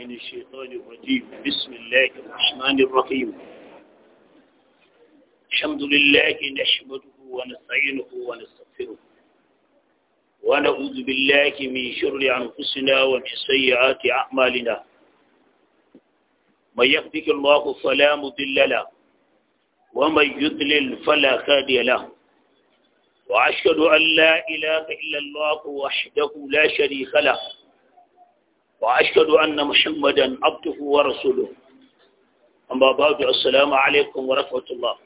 من الشيطان الرجيم بسم الله الرحمن الرحيم الحمد لله نشمده ونستعينه ونستغفره ونعوذ بالله من شر أنفسنا ومن سيئات أعمالنا من يهدك الله فلا مضل له ومن يضلل فلا هادي له وأشهد أن لا إله إلا الله وحده لا شريك له وأشهد أن محمدا عبده ورسوله أما بعد السلام عليكم ورحمة الله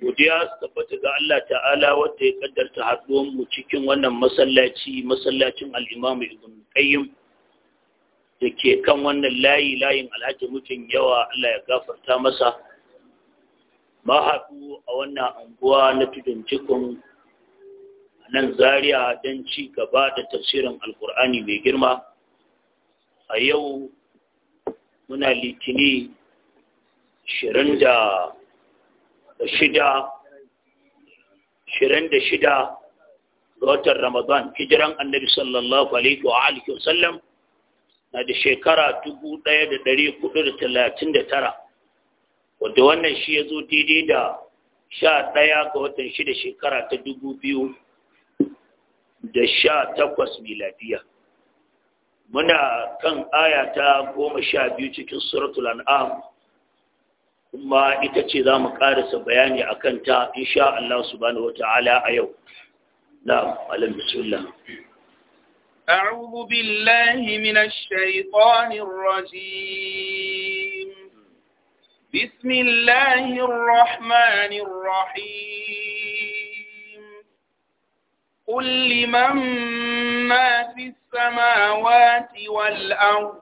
godiya tabbata ga Allah ta'ala wanda ya kaddarta hadu mu cikin wannan masallaci masallacin al-Imam Ibn Qayyim dake kan wannan layi layin Alhaji mutum yawa Allah ya gafarta masa ma haɗu a wannan anguwa na tudun cikin nan zariya don ci gaba da tafsirin alkur'ani mai girma a yau muna litini 26 ga watan ramadan hijiran annabi sallallahu alaihi wa alihi wasallam na da shekara 1439 wadda wannan shi ya zo daidai da 11 ga watan 6 shekara ta biyu. da sha takwas miladiya muna kan aya ta goma sha biyu cikin suratul an'am kuma ita ce za mu ƙarasa bayani a kanta insha Allah subhanahu wa ta'ala a yau na malam bisullah أعوذ بالله من الشيطان الرجيم بسم الله الرحمن الرحيم قل لمن ما في السماوات والأرض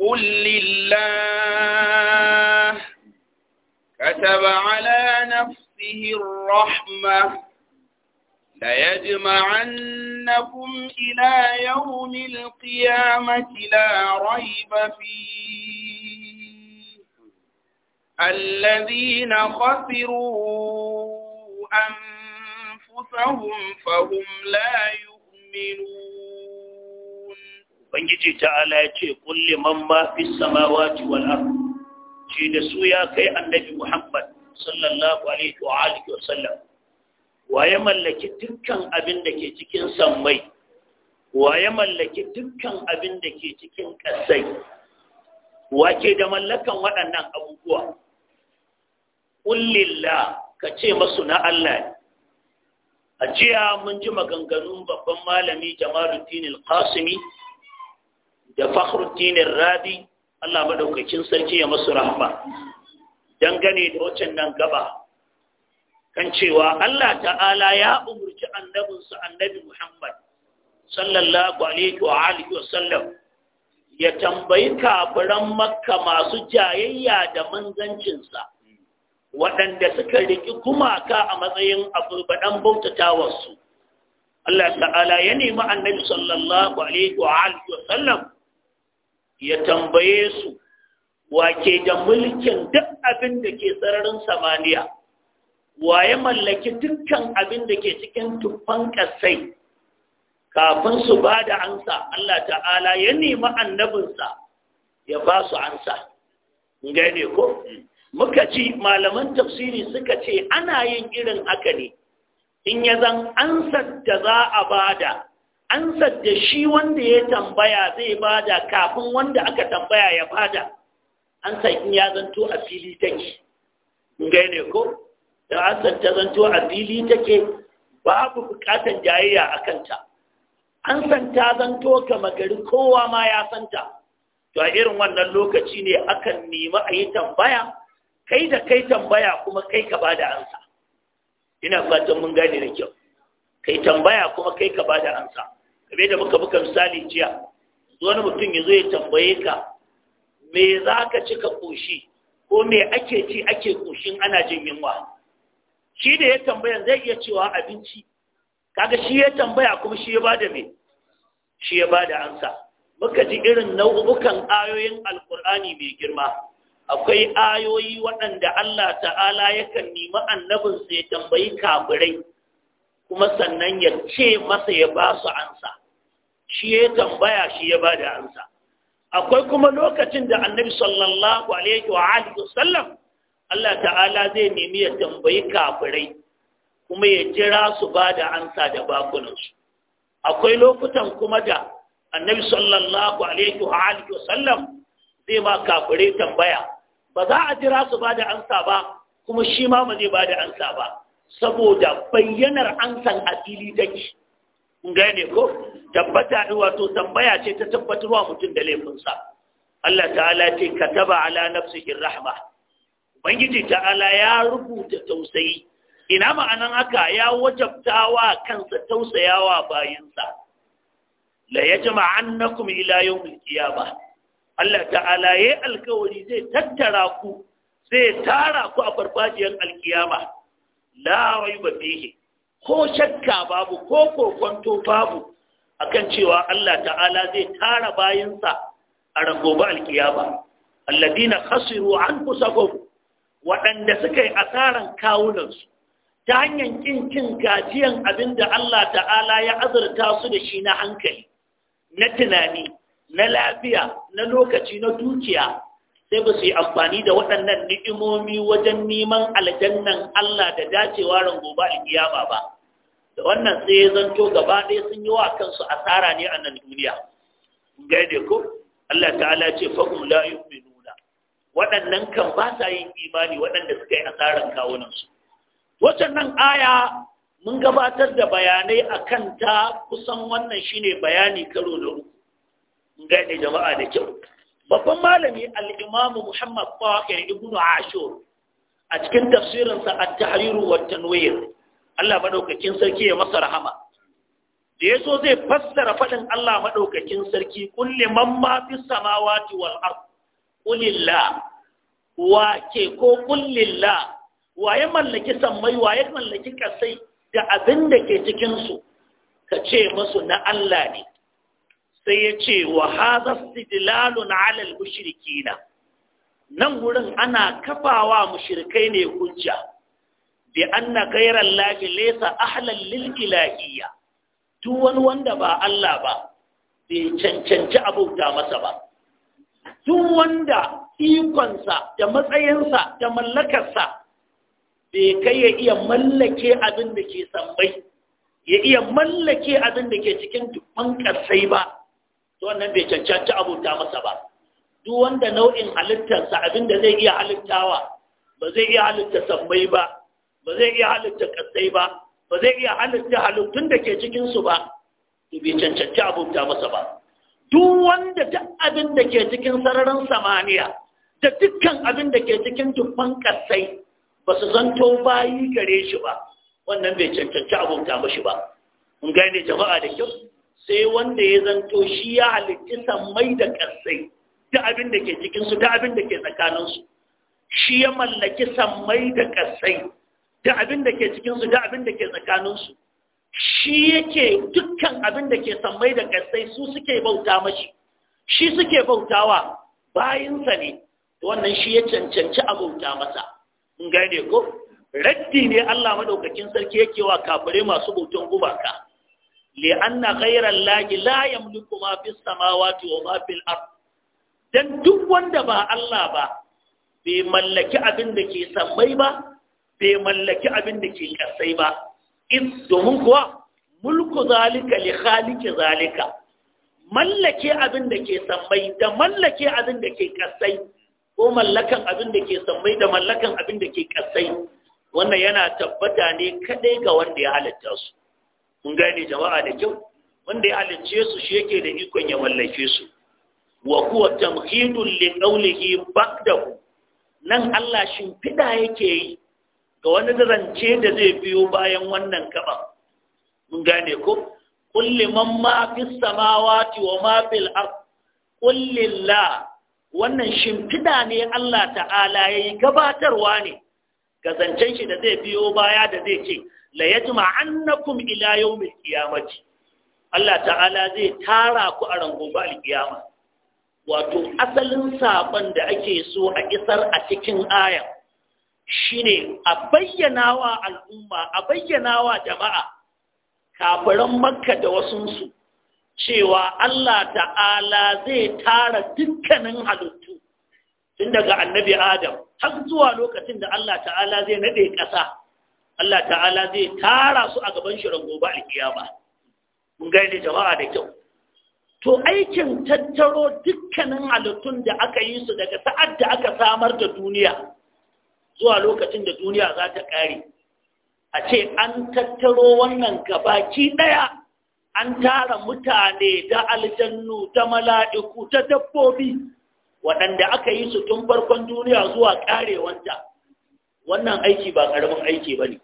قل لله كتب على نفسه الرحمة ليجمعنكم إلى يوم القيامة لا ريب فيه الذين خسروا أن خلفهم فهم لا يؤمنون بنجي تعالى يتي كل من ما في السماوات والأرض شي دسويا كي النبي محمد صلى الله عليه وآله وسلم waye mallaki dukkan abin da ke cikin sammai waye mallaki dukkan abin da ke cikin ƙasai wake da mallakan waɗannan abubuwa ƙullilla ka ce masu na Allah ne a jiya mun ji maganganun babban malami jamaluddin al-qasimi da fakhruddin rabi Allah madaukakin sarki ya masu rahma dangane da waccan nan gaba kan cewa Allah ta'ala ya umurci annabinsa annabi Muhammad sallallahu alaihi wa alihi wasallam ya tambayi kafiran makka masu jayayya da manzancinsa waɗanda suka riƙi gumaka a matsayin abubaɗan bautatawarsu Allah ta'ala ya nemi annabi sallallahu alaihi wa sallam ya tambaye su wake da mulkin duk abin da ke sararin samaniya waye mallaki dukkan abin da ke cikin tuffan ƙasai kafin su ba da ansa Allah ta'ala ya nemi annabinsa ya ba su ansa gane ko muka ci malaman tafsiri suka ce ana yin irin haka ne in ya zan ansar da za a bada ansar da shi wanda ya tambaya zai bada kafin wanda aka tambaya ya bada ansar in ya zanto a fili take ne ko da ansar ta zanto a fili take babu bukatan jayayya a kanta ansar ta zanto kama gari kowa ma ya santa to a irin wannan lokaci ne akan nemi a yi tambaya kai da kai tambaya kuma kai ka bada ansa ina fatan mun gane da kyau kai tambaya kuma kai ka bada ansa kabe da muka buka misali jiya wani mutum ya zo ya tambaye ka me za ka cika koshi ko me ake ci ake koshin ana jin yunwa shi da ya tambaya zai iya cewa abinci kaga shi ya tambaya kuma shi ya bada me shi ya bada ansa muka ji irin nau'ukan ayoyin alkur'ani mai girma akwai ayoyi waɗanda Allah ta'ala yakan nemi annabinsa ya tambayi kafirai kuma sannan ya ce masa ya ba su ansa shi ya tambaya shi ya ba da ansa akwai kuma lokacin da annabi sallallahu alaihi wa alihi Allah ta'ala zai nemi ya tambayi kafirai kuma ya jira su ba da ansa da bakunansu akwai lokutan kuma da annabi sallallahu alaihi wa alihi zai ba kafirai tambaya ba za a jira su ba da ansa ba kuma shi ma ba zai ba da ansa ba saboda bayyanar ansan a fili take gane ko tabbata wato tambaya ce ta tabbatarwa mutum da laifinsa Allah ta'ala ce kataba ala nafsihi rahma ubangiji ta'ala ya rubuta tausayi ina ma'anan haka ya wajabtawa kansa tausayawa bayinsa la yajma'annakum ila yawmil qiyamah Allah ta'ala ya alkawari zai tattara ku zai tara ku a farfajiyar alkiyama la raiba fihi ko shakka babu ko kokonto babu akan cewa Allah ta'ala zai tara bayansa a ragoba alkiyama alladina khasiru anfusahum waɗanda suka yi asaran kawunansu ta hanyar kinkin cin gajiyan abinda Allah ta'ala ya azurta su da shi na hankali na tunani na lafiya na lokaci na dukiya sai ba su yi amfani da waɗannan ni'imomi wajen neman aljannan Allah da dacewa ran gobe alkiyama ba da wannan sai ya zanto gaba ɗaya sun yi wa kansu asara ne a nan duniya gaide ko Allah ta'ala ce fahum la yu'minuna waɗannan kan ba sa yin imani waɗanda suka yi asaran kawunansu nan aya mun gabatar da bayanai akan ta kusan wannan shine bayani karo na uku gane jama'a da kyau babban malami al-imamu muhammad baqir ibnu ashur a cikin tafsirinsa at-tahrir wa tanwir Allah madaukakin sarki ya masa rahama da yaso zai fassara fadin Allah madaukakin sarki kulli man ma fi samawati wal ard qulillah wa ke ko Wa ya mallaki sammai Wa ya mallaki kasai da abin da ke cikin su ka ce musu na Allah ne sai ya ce wa haza stidlalun alal mushrikina nan gurin ana kafawa mushrikai ne hujja bi anna ghayra allahi laysa ahlan lil ilahiyya duk wani wanda ba Allah ba bai cancanci abauta masa ba duk wanda ikonsa da matsayinsa da mallakarsa bai kai ya iya mallake abin da ke sambai ya iya mallake abin da ke cikin dubban ƙasai ba wannan bai cancanta abuta masa ba duk wanda nau'in halittarsa abinda zai iya halittawa ba zai iya halitta sammai ba ba zai iya halitta kasai ba ba zai iya halitta halittun da ke cikinsu ba to bai cancanci abuta masa ba duk wanda duk abin da ke cikin sararin samaniya da dukkan abin da ke cikin dubban kasai ba su zanto bayi gare shi ba wannan bai cancanci abuta mashi ba mun gane jama'a da kyau sai wanda ya zanto shi ya halitti mai da karsai da abin da ke cikinsu da abin da ke tsakaninsu shi ya mallaki sammai da karsai da abin da ke cikinsu da abin da ke tsakaninsu shi yake dukkan abin da ke sammai da karsai su suke bauta mashi shi suke bautawa bayinsa ne wannan shi ya cancanci a bauta masa in gane ko raddi ne Allah madaukakin sarki yake wa kafire masu bautan gubaka li'anna ghairan lahi la yamliku ma fis samawati wa ma fil ard dan duk wanda ba Allah ba bai mallaki abin da ke sammai ba bai mallaki abin da ke kasai ba in domin kuwa mulku zalika li khaliqi zalika mallake abin da ke sammai da mallake abin da ke kasai ko mallakan abin da ke sammai da mallakan abin da ke kasai wannan yana tabbata ne kadai ga wanda ya halatta su kun gane jama'a da kyau wanda ya halicce su shi yake da ikon ya mallake su wa kuwa tamhidul li qawlihi ba'dahu nan Allah fida yake yi ga wani zance da zai biyo bayan wannan kaba mun gane ko kulli man ma fis samawati wa ma fil ard kullillah wannan shimfiɗa ne Allah ta'ala yayi gabatarwa ne ga shi da zai biyo baya da zai ce la yajma annakum ila yawmil qiyamati Allah ta'ala zai tara ku a rangon alqiyama wato asalin sabon da ake so a isar a cikin aya shine a bayyana wa al'umma a bayyana wa jama'a kafiran makka da wasunsu cewa Allah ta'ala zai tara dukkanin halittu tun daga annabi adam har zuwa lokacin da Allah ta'ala zai nade ƙasa Allah ta'ala zai tara su a gaban shirin gobe alkiyama mun gaida jama'a da kyau to aikin tattaro dukkanin halittun da aka yi su daga sa'ad da aka samar da duniya zuwa lokacin da duniya za ta ƙare a ce an tattaro wannan gabaki ɗaya an tara mutane da aljannu da mala'iku ta dabbobi waɗanda aka yi su tun farkon duniya zuwa ƙarewanta wannan aiki ba ƙaramin aiki ba ne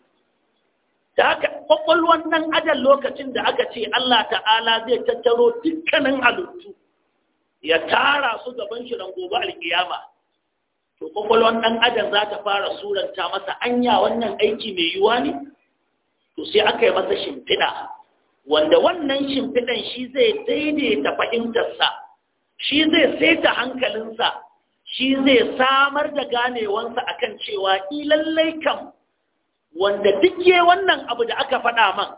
da haka ƙwaƙwalwan nan adal lokacin da aka ce Allah ta'ala zai tattaro dukkanin halittu ya tara su gaban shi don gobe alƙiyama to ƙwaƙwalwan nan adal za ta fara suranta masa anya wannan aiki mai yiwuwa ne to sai aka yi masa shimfiɗa wanda wannan shimfiɗan shi zai daidaita fahimtarsa shi zai saita hankalinsa shi zai samar da ganewansa akan cewa lallai kam wanda duk wannan abu da aka faɗa man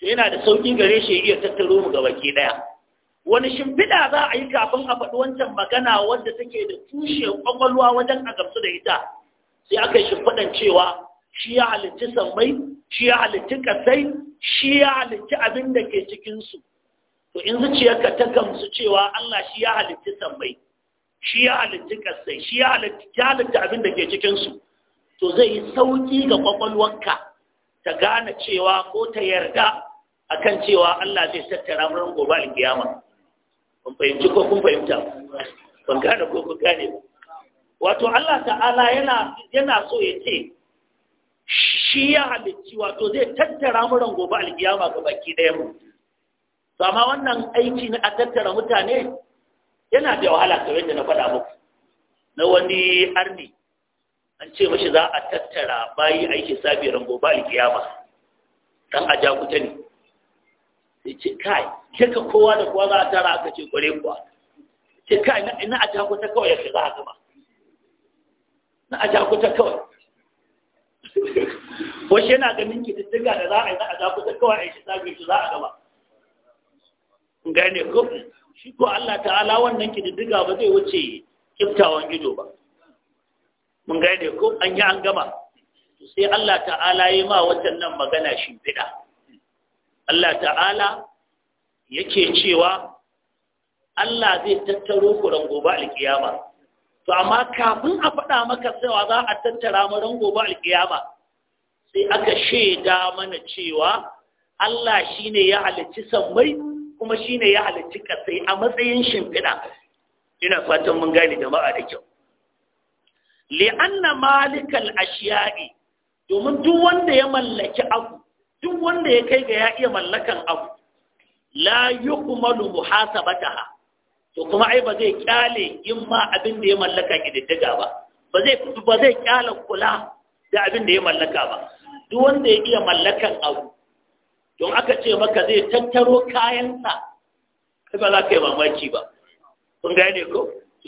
to yana da sauƙin gare shi iya tattaro mu gabaki ɗaya wani shimfiɗa za a yi kafin a faɗi wancan magana wanda take da tushe ƙwaƙwalwa wajen a gamsu da ita sai aka yi shimfiɗan cewa shi ya halitti sammai shi ya halitti ƙasai shi ya halitti abin da ke cikinsu to in zuciyarka ta gamsu cewa Allah shi ya halitta sammai shi ya halitta kasai shi ya halitta abin da ke cikin su to zai yi sauki ga kwakwalwarka ta gane cewa ko ta yarda akan cewa Allah zai tattara mu gobe alkiyama kun fahimci ko kun fahimta ban gane ko kun gane ba wato Allah ta'ala yana yana so ya ce shi ya halicci wato zai tattara mu gobe alkiyama ga baki daya mu to amma wannan aiki na a tattara mutane yana da wahala ta yadda na faɗa muku na wani arni an ce mashi za a tattara bayi aiki sabi rango ba kiyama dan a jakuta ne sai ce kai kika kowa da kowa za a tara aka ce kware kuwa ce kai ina a jakuta kawai ya shiga haka ba na a jakuta kawai ko shi yana ganin ki da za a yi za a jakuta kawai a yi shi sabi shi za a gaba gane ko shi ko Allah ta'ala wannan kididdiga ba zai wuce kiftawan gido ba mun gane ko an yi an gama sai Allah ta'ala yi ma nan magana shimfiɗa Allah ta'ala yake cewa Allah zai tattaro ku ran gobe alkiyama to amma kafin a faɗa maka cewa za a tattara mu ran gobe alkiyama sai aka shaida mana cewa Allah shi ne ya halicci sammai kuma shi ne ya halarci kasai a matsayin shimfiɗa ina fatan mun gane jama'a da kyau li'anna malikal ashiya'i domin duk wanda ya mallaki abu duk wanda ya kai ga ya iya mallakan abu la yukmalu muhasabataha to kuma ai ba zai kyale in ma abin da ya mallaka kididdiga ba ba zai ba zai kyale kula da abin da ya mallaka ba duk wanda ya iya mallakan abu don aka ce maka zai tattaro kayansa kai ba za ka yi mamaki ba kun ne ko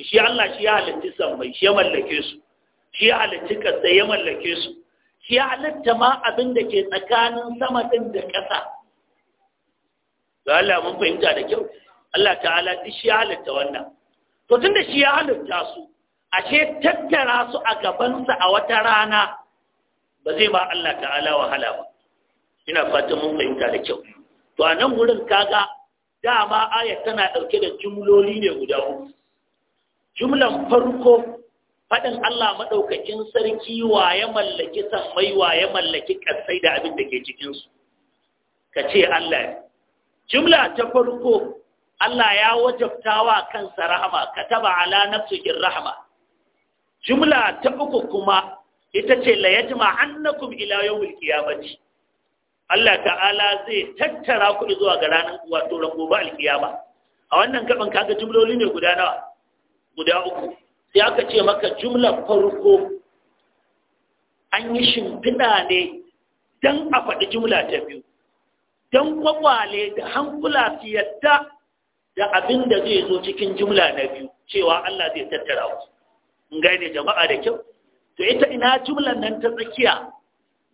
shi Allah shi ya halitta mai? shi ya mallake su shi ya halitta kasa ya mallake su shi ya halitta ma abin da ke tsakanin sama din da ƙasa ga Allah mun fahimta da kyau Allah ta'ala duk shi ya halitta wannan to tunda shi ya halitta su ashe tattara su a gabansa a wata rana ba zai ba Allah ta'ala wahala ba ina fatan mun fahimta da kyau to a nan wurin kaga dama aya tana ɗauke da jumloli ne guda uku jumlan farko faɗin Allah maɗaukakin sarki wa ya mallaki sammai wa ya mallaki ƙasai da abin da ke cikinsu ka ce Allah jumla ta farko Allah ya wajabtawa kansa rahama kataba ala nafsihi rahama jumla ta uku kuma ita ce la yajma annakum ila yawmil qiyamati Allah ta'ala zai tattara ku zuwa ga ranar wato ran gobe alkiyama a wannan ka kaga jumloli ne guda nawa guda uku sai aka ce maka jumlar farko an yi shimfiɗa ne don a faɗi jumla ta biyu don kwakwale da hankula su yadda da abin da zai zo cikin jumla na biyu cewa Allah zai tattara ku in gane jama'a da kyau to ita ina jumlan nan ta tsakiya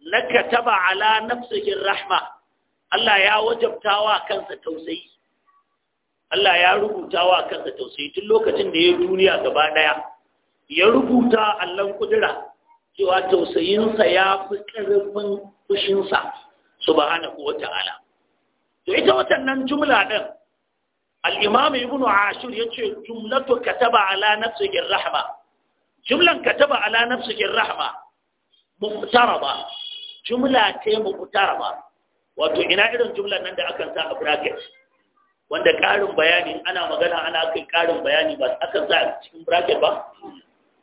na kataba ala nafsihi rahma Allah ya wajabta wa kansa tausayi Allah ya rubuta wa kansa tausayi tun lokacin da ya duniya gaba daya ya rubuta Allah kudura cewa tausayinsa ya fi ƙarfin fushinsa subhanahu wata'ala to ita watannan jumla din al-imam ibnu ashur yace jumlatu kataba ala nafsihi rahma jumlan kataba ala nafsihi rahma muqtaraba jumla ce muqtaraba wato ina irin jumlan nan da akan sa a bracket wanda ƙarin bayani ana magana ana kai ƙarin bayani ba akan sa a cikin bracket ba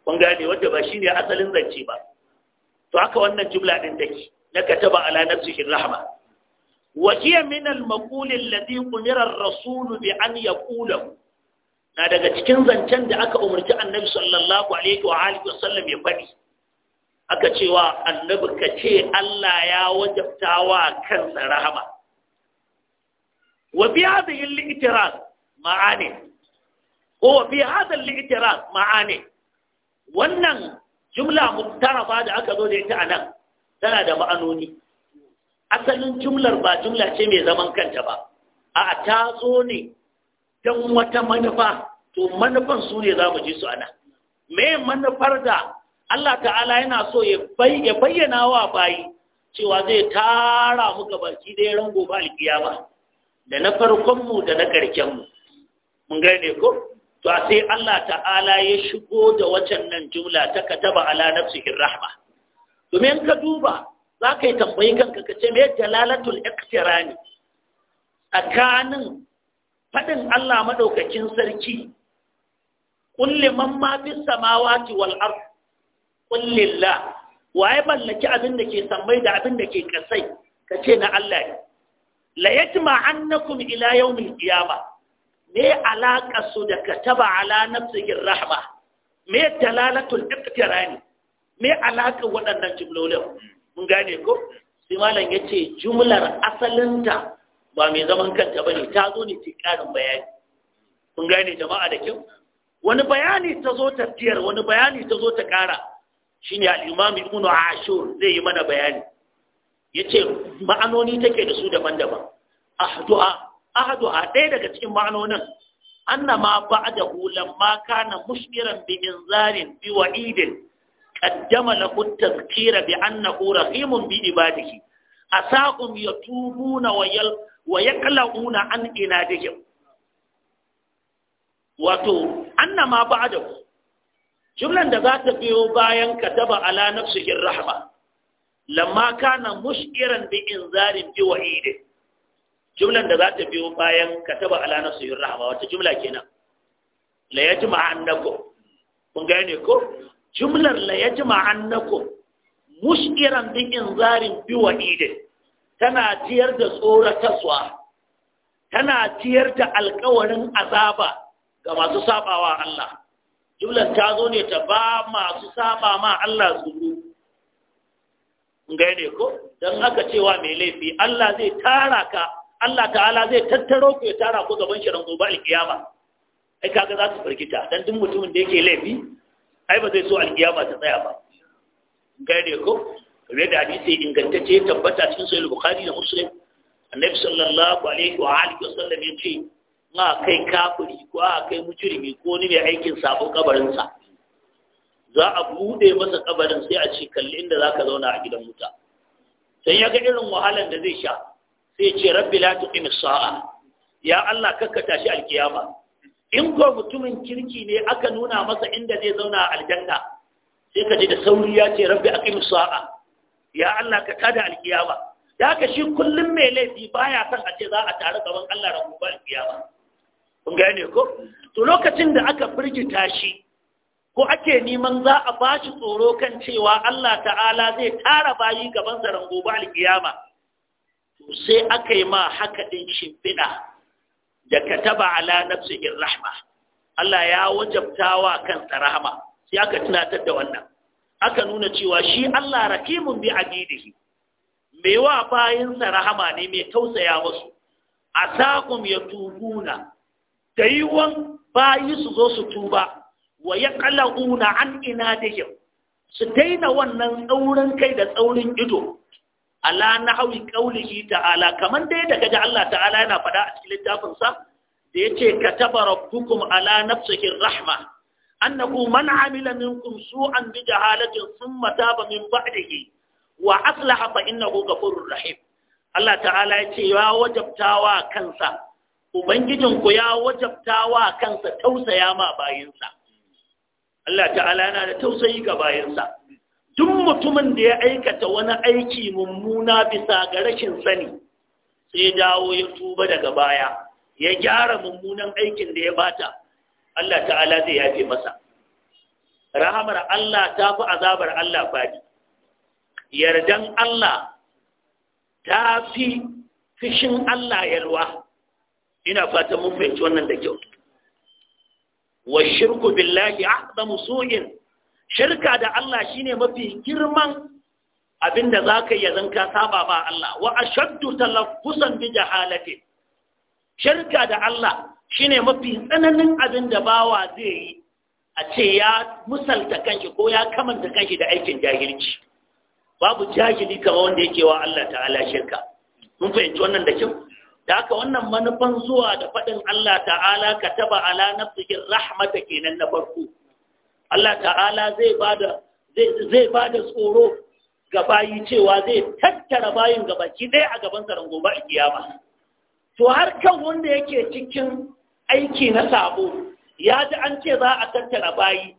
kun gane wanda ba shine asalin zance ba to haka wannan jumla din take na kataba ala nafsihi rahma wa hiya min al maqul alladhi umira ar-rasul bi an yaqula na daga cikin zancen da aka umarci annabi sallallahu alaihi wa alihi wasallam ya faɗi aka cewa annabi ka ce Allah ya wajabta wa kansa rahama wa bi hadhihi al-i'tiraz ma'ani ko bi hadha al-i'tiraz ma'ani wannan jumla mutaraba da aka zo da ita anan tana da ma'anoni asalin jumlar ba jumla ce mai zaman kanta ba a ta zo ne don wata manufa to manufan su ne za mu ji su ana me manufar da Allah ta'ala yana so ya bayyana wa bayi cewa zai tara muka baki da rango ba gobe ba. da na farkonmu da na ƙarkenmu mun gane ko to sai Allah ta'ala ya shigo da wacan nan jumla ta kataba ala nafsihi rahma domin ka duba za ka yi tambayi kanka ka ce me dalalatul ne. tsakanin faɗin Allah madaukakin sarki kulli mamma ma bis samawati wal kullillah waye mallaki abin da ke sammai da abin da ke kasai ka ce na Allah ne la yajma annakum ila yawmil qiyama me alaka su da kataba ala nafsihi rahma me talalatul iqtirani me alaka waɗannan jumlolin mun gane ko sai malam yace jumlar asalinta ba mai zaman kanta bane ta zo ne cikin karin bayani mun gane jama'a da kyau wani bayani ta zo ta tiyar wani bayani ta zo ta kara shine al-imam ibn ashur zai yi mana bayani yace ma'anoni take da su daban-daban ahduha ahduha daga cikin ma'anonin annama ba'dahu lamma kana na bi inzarin bi wa'idin qaddama lahu at-tadhkira bi annahu rahimun bi ibadihi asaqum yatubuna wa yal wa yaqlauna an inadihim wato annama ba'dahu jumlan da za ta biyo bayan ka kataba ala nafsihin rahma lamma kana mushkiran bi inzarin bi wa'idin jumlan da za ta biyo bayan ka kataba ala nafsihin rahma wata jumla kenan la yajma annakum kun gane ko jumlar la yajma annakum mushkiran bi inzarin bi wa'idin tana ciyar da tsoratarwa tana ciyar da alƙawarin azaba ga masu sabawa Allah jumlar ta zo ne ta ba masu saba ma Allah ku. gane ko don aka cewa mai laifi Allah zai tara ka Allah ta'ala zai tattaro ku ya tara ku gaban shirin gobe alkiyama ai kaga za su firgita dan duk mutumin da yake laifi ai ba zai so alkiyama ta tsaya ba gane ko kabe da hadisi ingantacce tabbata cikin sahih bukhari da muslim annabi sallallahu alaihi wa alihi wasallam ya ce a kai kafiri ko a kai mujrimi ko ni mai aikin sabon sa za a bude masa kabarin sai a ce kalli inda zaka zauna a gidan wuta sai ya ga irin wahalan da zai sha sai ce rabbi la tuqim sa'a ya Allah kakka tashi alkiyama in ko mutumin kirki ne aka nuna masa inda zai zauna a aljanna sai ka ji da sauri ya ce rabbi aqim sa'a ya Allah ka tada alkiyama da haka shi kullum mai laifi baya son a ce za a tare gaban Allah ran gobe kun gane ko to lokacin da aka firgita shi ko ake neman za a ba shi tsoro kan cewa Allah ta'ala zai tara bayi gaban sa gobe alkiyama to sai aka yi ma haka din shimfiɗa da kataba ala nafsihi rahma Allah ya wajabtawa kansa rahama sai aka tunatar da wannan aka nuna cewa shi Allah rakimun bi abidihi mai wa sa rahama ne mai tausaya musu asakum yatubuna da yiwon bayi su zo su tuba wa ya na an ina da yau su daina wannan tsaurin kai da tsaurin ido ala na hawi ƙaulihi ta'ala kamar dai da gaji Allah ta'ala yana faɗa a cikin littafinsa da ya ce ka taba rabbukum ala nafsihin rahma annahu man amila minkum su'an bi jahalatin thumma taba min ba'dihi wa aslaha fa innahu ghafurur rahim Allah ta'ala ya ce ya wajabtawa kansa Ubangijinku ya wajabta wa kansa tausaya ma bayinsa. Allah ta'ala yana da tausayi ga bayinsa. Duk mutumin da ya aikata wani aiki mummuna bisa ga rashin sani, sai dawo ya tuba daga baya, ya gyara mummunan aikin da ya bata, Allah ta'ala zai yafe masa. Rahamar Allah ta fi azabar Allah fadi. Yardan Allah ta fi fishin Allah yalwa. ina fatan mun fahimci wannan da kyau wa shirku billahi aqdamu su'in shirka da Allah shine mafi girman abinda zaka yi zan ka saba ba Allah wa ashaddu talaffusan bi jahalati shirka da Allah shine mafi tsananin abinda bawa zai yi a ce ya musalta kanshi ko ya kamanta kanshi da aikin jahilci babu jahili kamar wanda yake wa Allah ta'ala shirka mun fahimci wannan da kyau da haka wannan manufan zuwa da faɗin Allah ta'ala ka taba ala nafsihin rahmata kenan na farko Allah ta'ala zai bada zai bada tsoro ga bayi cewa zai tattara bayin gabaki dai a gaban saran gobe kiyama to har kan wanda yake cikin aiki na sabo ya ji an ce za a tattara bayi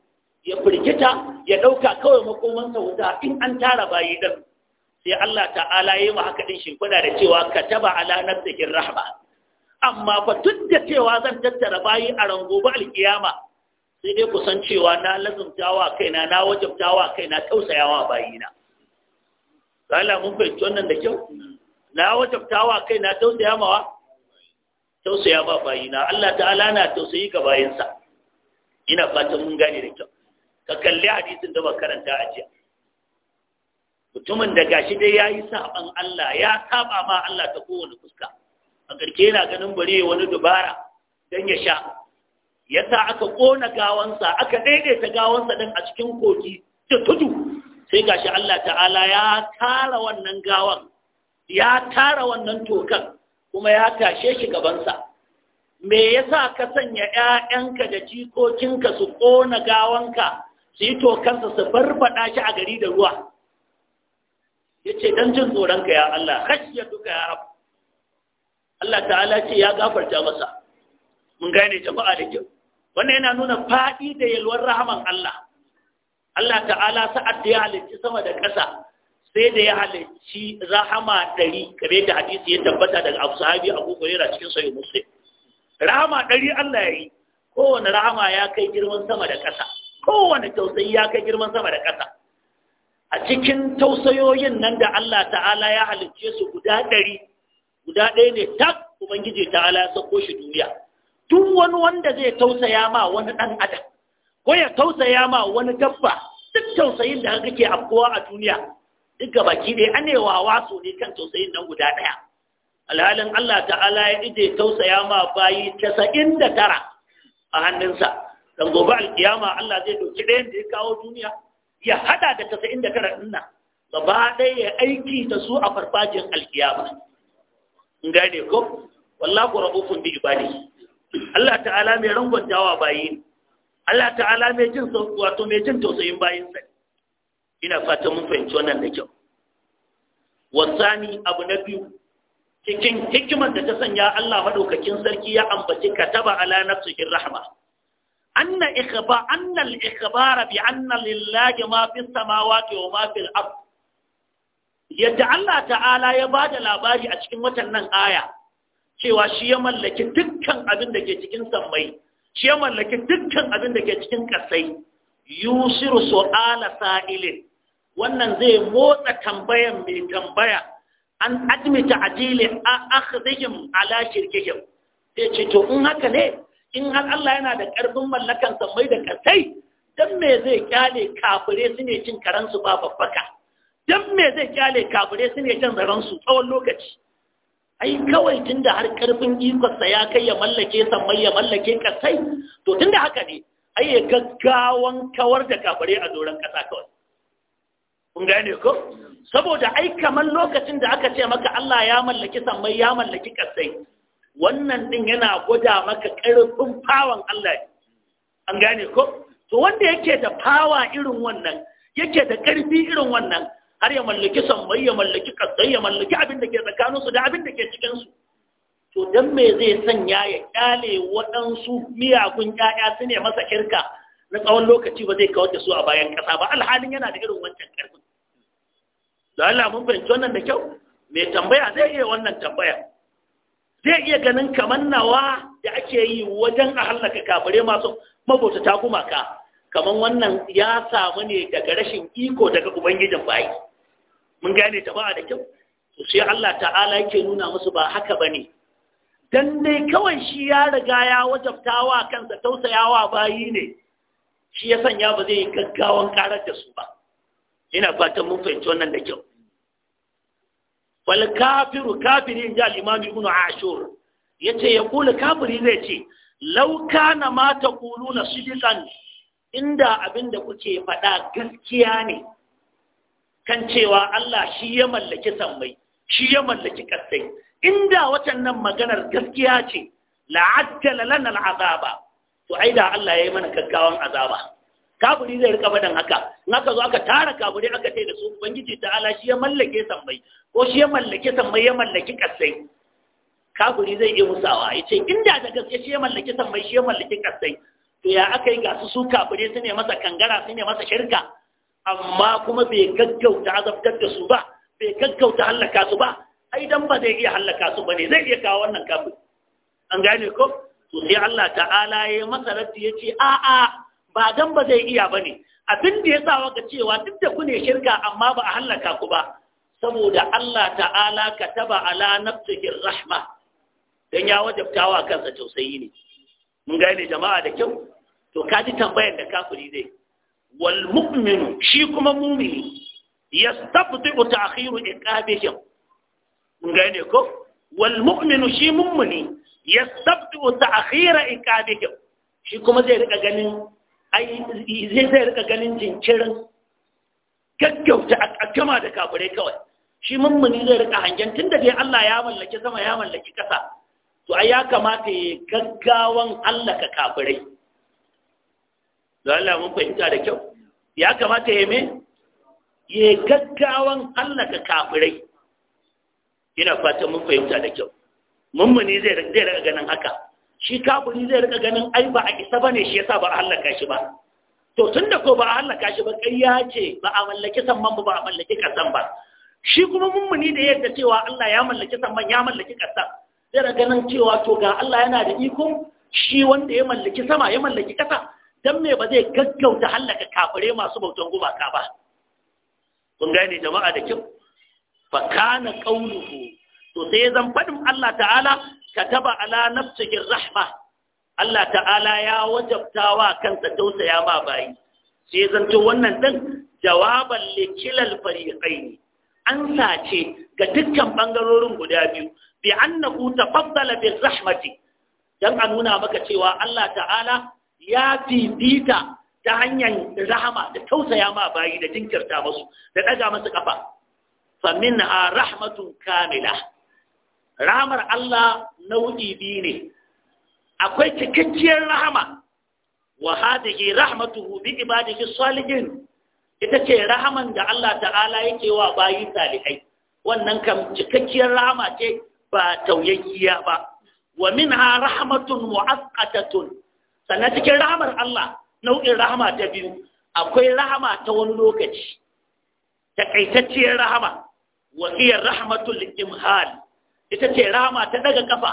ya firgita ya ɗauka kawai makomansa wuta in an tara bayi dan. sai Allah ta'ala yi ma haka din shimfiɗa da cewa ka taba ala nafsikin rahma amma fa duk da cewa zan tattara bayi a rangoba alkiyama sai dai ku san cewa na lazumtawa kaina na wajabtawa kaina tausayawa bayina Allah mun fahimci wannan da kyau na wajabtawa kaina tausayawa wa tausaya ba bayina Allah ta'ala na tausayi ga bayinsa ina fatan mun gane da kyau ka kalli hadisin da ba karanta a jiya mutumin da gashi dai ya yi saɓan Allah ya saba ma Allah ta kowane fuska a ƙarke yana ganin bare wani dubara don ya sha ya sa aka ƙona gawansa aka daidaita gawansa ɗin a cikin kogi da tudu sai gashi Allah ta'ala ya tara wannan gawan ya tara wannan tokan kuma ya tashe shi gabansa me yasa ka sanya ‘ya'yanka da jikokinka su ƙona gawanka su yi tokansa su barbaɗa shi a gari da ruwa yace dan jin tsoron ka ya Allah khashyatuka ya rab Allah ta'ala ce ya gafarta masa mun gane jama'a da kyau wannan yana nuna fadi da yalwar rahaman Allah Allah ta'ala sa'ad da ya halicci sama da ƙasa sai da ya halicci rahama ɗari kare da hadisi ya tabbata daga abu sahabi abu hurera cikin sahih muslim rahama ɗari Allah ya yi kowane rahama ya kai girman sama da ƙasa kowane tausayi ya kai girman sama da ƙasa a cikin tausayoyin nan da Allah ta'ala ya halicce su guda ɗari guda ɗaya ne tak ubangiji ta'ala ya sauko shi duniya tun wani wanda zai tausaya ma wani ɗan adam ko ya tausaya ma wani dabba duk tausayin da kake afkowa a duniya duk baki ɗaya anewa su ne kan tausayin nan guda ɗaya alhalin Allah ta'ala ya ije tausaya ma bayi casa'in da tara a hannunsa dan gobe alkiyama Allah zai ɗauki ɗayan da ya kawo duniya ya hada da 99 ɗin nan gaba ɗaya ya aiki da su a farfajin alkiyama in gane ko wallahu rabbukum bi ibadi Allah ta'ala mai rangwantawa bayi Allah ta'ala mai jin wato mai jin tausayin bayin sa ina fata mun fahimci wannan da kyau wasani abu na biyu cikin hikimar da ta sanya Allah madaukakin sarki ya ambaci kataba ala nafsihi rahma أن إخبار أن الإخبار بأن لله ما في السماوات وما في الأرض yadda Allah ta'ala ya ba da labari a cikin watan nan aya cewa shi ya mallaki dukkan abin da ke cikin sammai shi ya mallaki dukkan abin da ke cikin kasai yusiru su'ala sa'ilin wannan zai motsa tambayan mai tambaya an admita ajili a akhdihim ala shirkihim sai ce to in haka ne in har Allah yana da ƙarfin mallakan sammai da kasai dan me zai kyale kafire su ne cin karansu ba babbaka dan me zai kyale kafire su ne cin zaransu tsawon lokaci ai kawai tunda har ƙarfin ikonsa ya kai ya mallake sammai ya mallake kasai to tunda haka ne ai ya gaggawan kawar da kafure a doron kasa kawai kun gane ko saboda ai kamar lokacin da aka ce maka Allah ya mallaki sammai ya mallaki kasai wannan din yana gwada maka ƙarfin fawon Allah an gane ko to wanda yake da fawa irin wannan yake da ƙarfi irin wannan har ya mallaki sammai ya mallaki ƙasai ya mallaki abin da ke tsakaninsu da abin da ke cikinsu to don me zai sanya ya ƙyale waɗansu miyagun ƴaƴa su ne masa kirka na tsawon lokaci ba zai kawar da su a bayan ƙasa ba alhalin yana da irin wancan ƙarfin da Allah mun fahimci wannan da kyau Me tambaya zai iya wannan tambaya zai iya ganin kamar nawa da ake yi wajen a hallaka kafare masu mabauta ta gumaka kamar wannan ya samu ne daga rashin iko daga ubangijin bayi mun gane ta ba da kyau to sai Allah ta'ala yake nuna musu ba haka bane dan dai kawai shi ya riga ya wajabtawa kansa tausayawa bayi ne shi ya sanya ba zai yi gaggawan karar da su ba ina fatan mun fahimci wannan da kyau wal kafiru kafiri in ji al'imam ibn ashur ya ce ya kula kafiri zai ce lauka na mata kulu na shidikan inda abin da kuke faɗa gaskiya ne kan cewa Allah shi ya mallaki sammai shi ya mallaki kasai inda watannan maganar gaskiya ce la'ajjala lana al'azaba to ai da Allah ya yi mana gaggawan azaba Kaburi zai rika badan haka in aka zo aka tara kaburi aka tai da su ubangiji ta ala shi ya mallake sammai ko shi ya mallake sammai ya mallaki kasai Kaburi zai iya musawa ya ce inda da gaske shi ya mallaki sammai shi ya mallaki kasai to ya aka yi gasu su kaburi su ne masa kangara su ne masa shirka amma kuma bai gaggauta azabtar da su ba bai gaggauta hallaka su ba ai dan ba zai iya hallaka su bane zai iya kawo wannan kaburi. an gane ko to sai Allah ta'ala ya masa raddi ya ce a'a ba dan ba zai iya bane abin da ya sawa ga cewa duk da ku ne shirka amma ba a hallaka ku ba saboda Allah ta'ala kataba ala nafsihi rahma dan ya wajabta wa kansa tausayi ne mun ga ne jama'a da kyau to kaji tambayar da kafiri zai wal mu'minu shi kuma mu'mini yastabdi'u ta'khiru iqabihim mun ga ne ko wal mu'minu shi mu'mini yastabdi'u ta'khira iqabihim shi kuma zai rika ganin ai zai zai rika ganin jinkirin gaggauta a gama da kafirai kawai shi mummuni zai rika hangen tun da dai Allah ya mallaki sama ya mallaki ƙasa to ai ya kamata ya gaggawan Allah ka kafirai da Allah mun fahimta da kyau ya kamata ya me ya gaggawan Allah ka kafirai ina fatan mun fahimta da kyau mummuni zai rika ganin haka shi kafiri zai rika ganin ai ba a isa bane shi yasa ba a halaka shi ba to da ko ba a halaka shi ba ya ce ba a mallaki samman ba ba a mallaki kasan ba shi kuma mummuni da yadda cewa Allah ya mallaki samman ya mallaki kasa zai rika ganin cewa to ga Allah yana da iko, shi wanda ya mallaki sama ya mallaki kasa dan me ba zai gaggauta halaka kafire masu bautan gumaka ba kun gane jama'a da kyau fa kana qauluhu to sai zan fadin Allah ta'ala Ka kataba ala nafsihi rahma Allah ta'ala ya wajabta wa kansa tausaya ma bayi sai zanto wannan din jawaban likilal ne. an sace ga dukkan bangarorin guda biyu bi annaku tafaddala bi rahmaci. dan a nuna maka cewa Allah ta'ala ya fifita ta hanyar rahma da tausaya ma bayi da jinkirta musu da daga masu kafa fa a rahmatun kamila rahamar Allah nau'i biyu ne akwai cikakkiyar rahama wa hadhihi rahmatuhu bi ibadihi salihin ita ce rahaman da Allah ta'ala yake wa bayi salihai wannan kam cikakkiyar rahama ce ba tauyayya ba wa minha rahmatun mu'aqqatatun sannan cikin rahamar Allah nau'in rahama ta biyu akwai rahama ta wani lokaci takaitacciyar rahama wa iya rahmatul imhal ita ce rahama ta daga kafa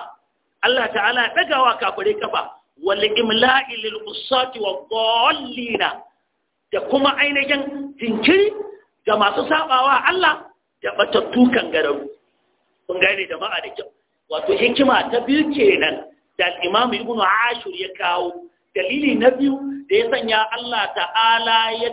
Allah ta'ala dagawa kafare kafa wal imla'i lil usati wa dhallina da kuma ainihin jinkiri ga masu sabawa Allah da batattu kan gararu kun gane jama'a da kyau wato hikima ta biyu kenan da al-Imam Ibn Ashur ya kawo dalili na biyu da ya sanya Allah ta'ala ya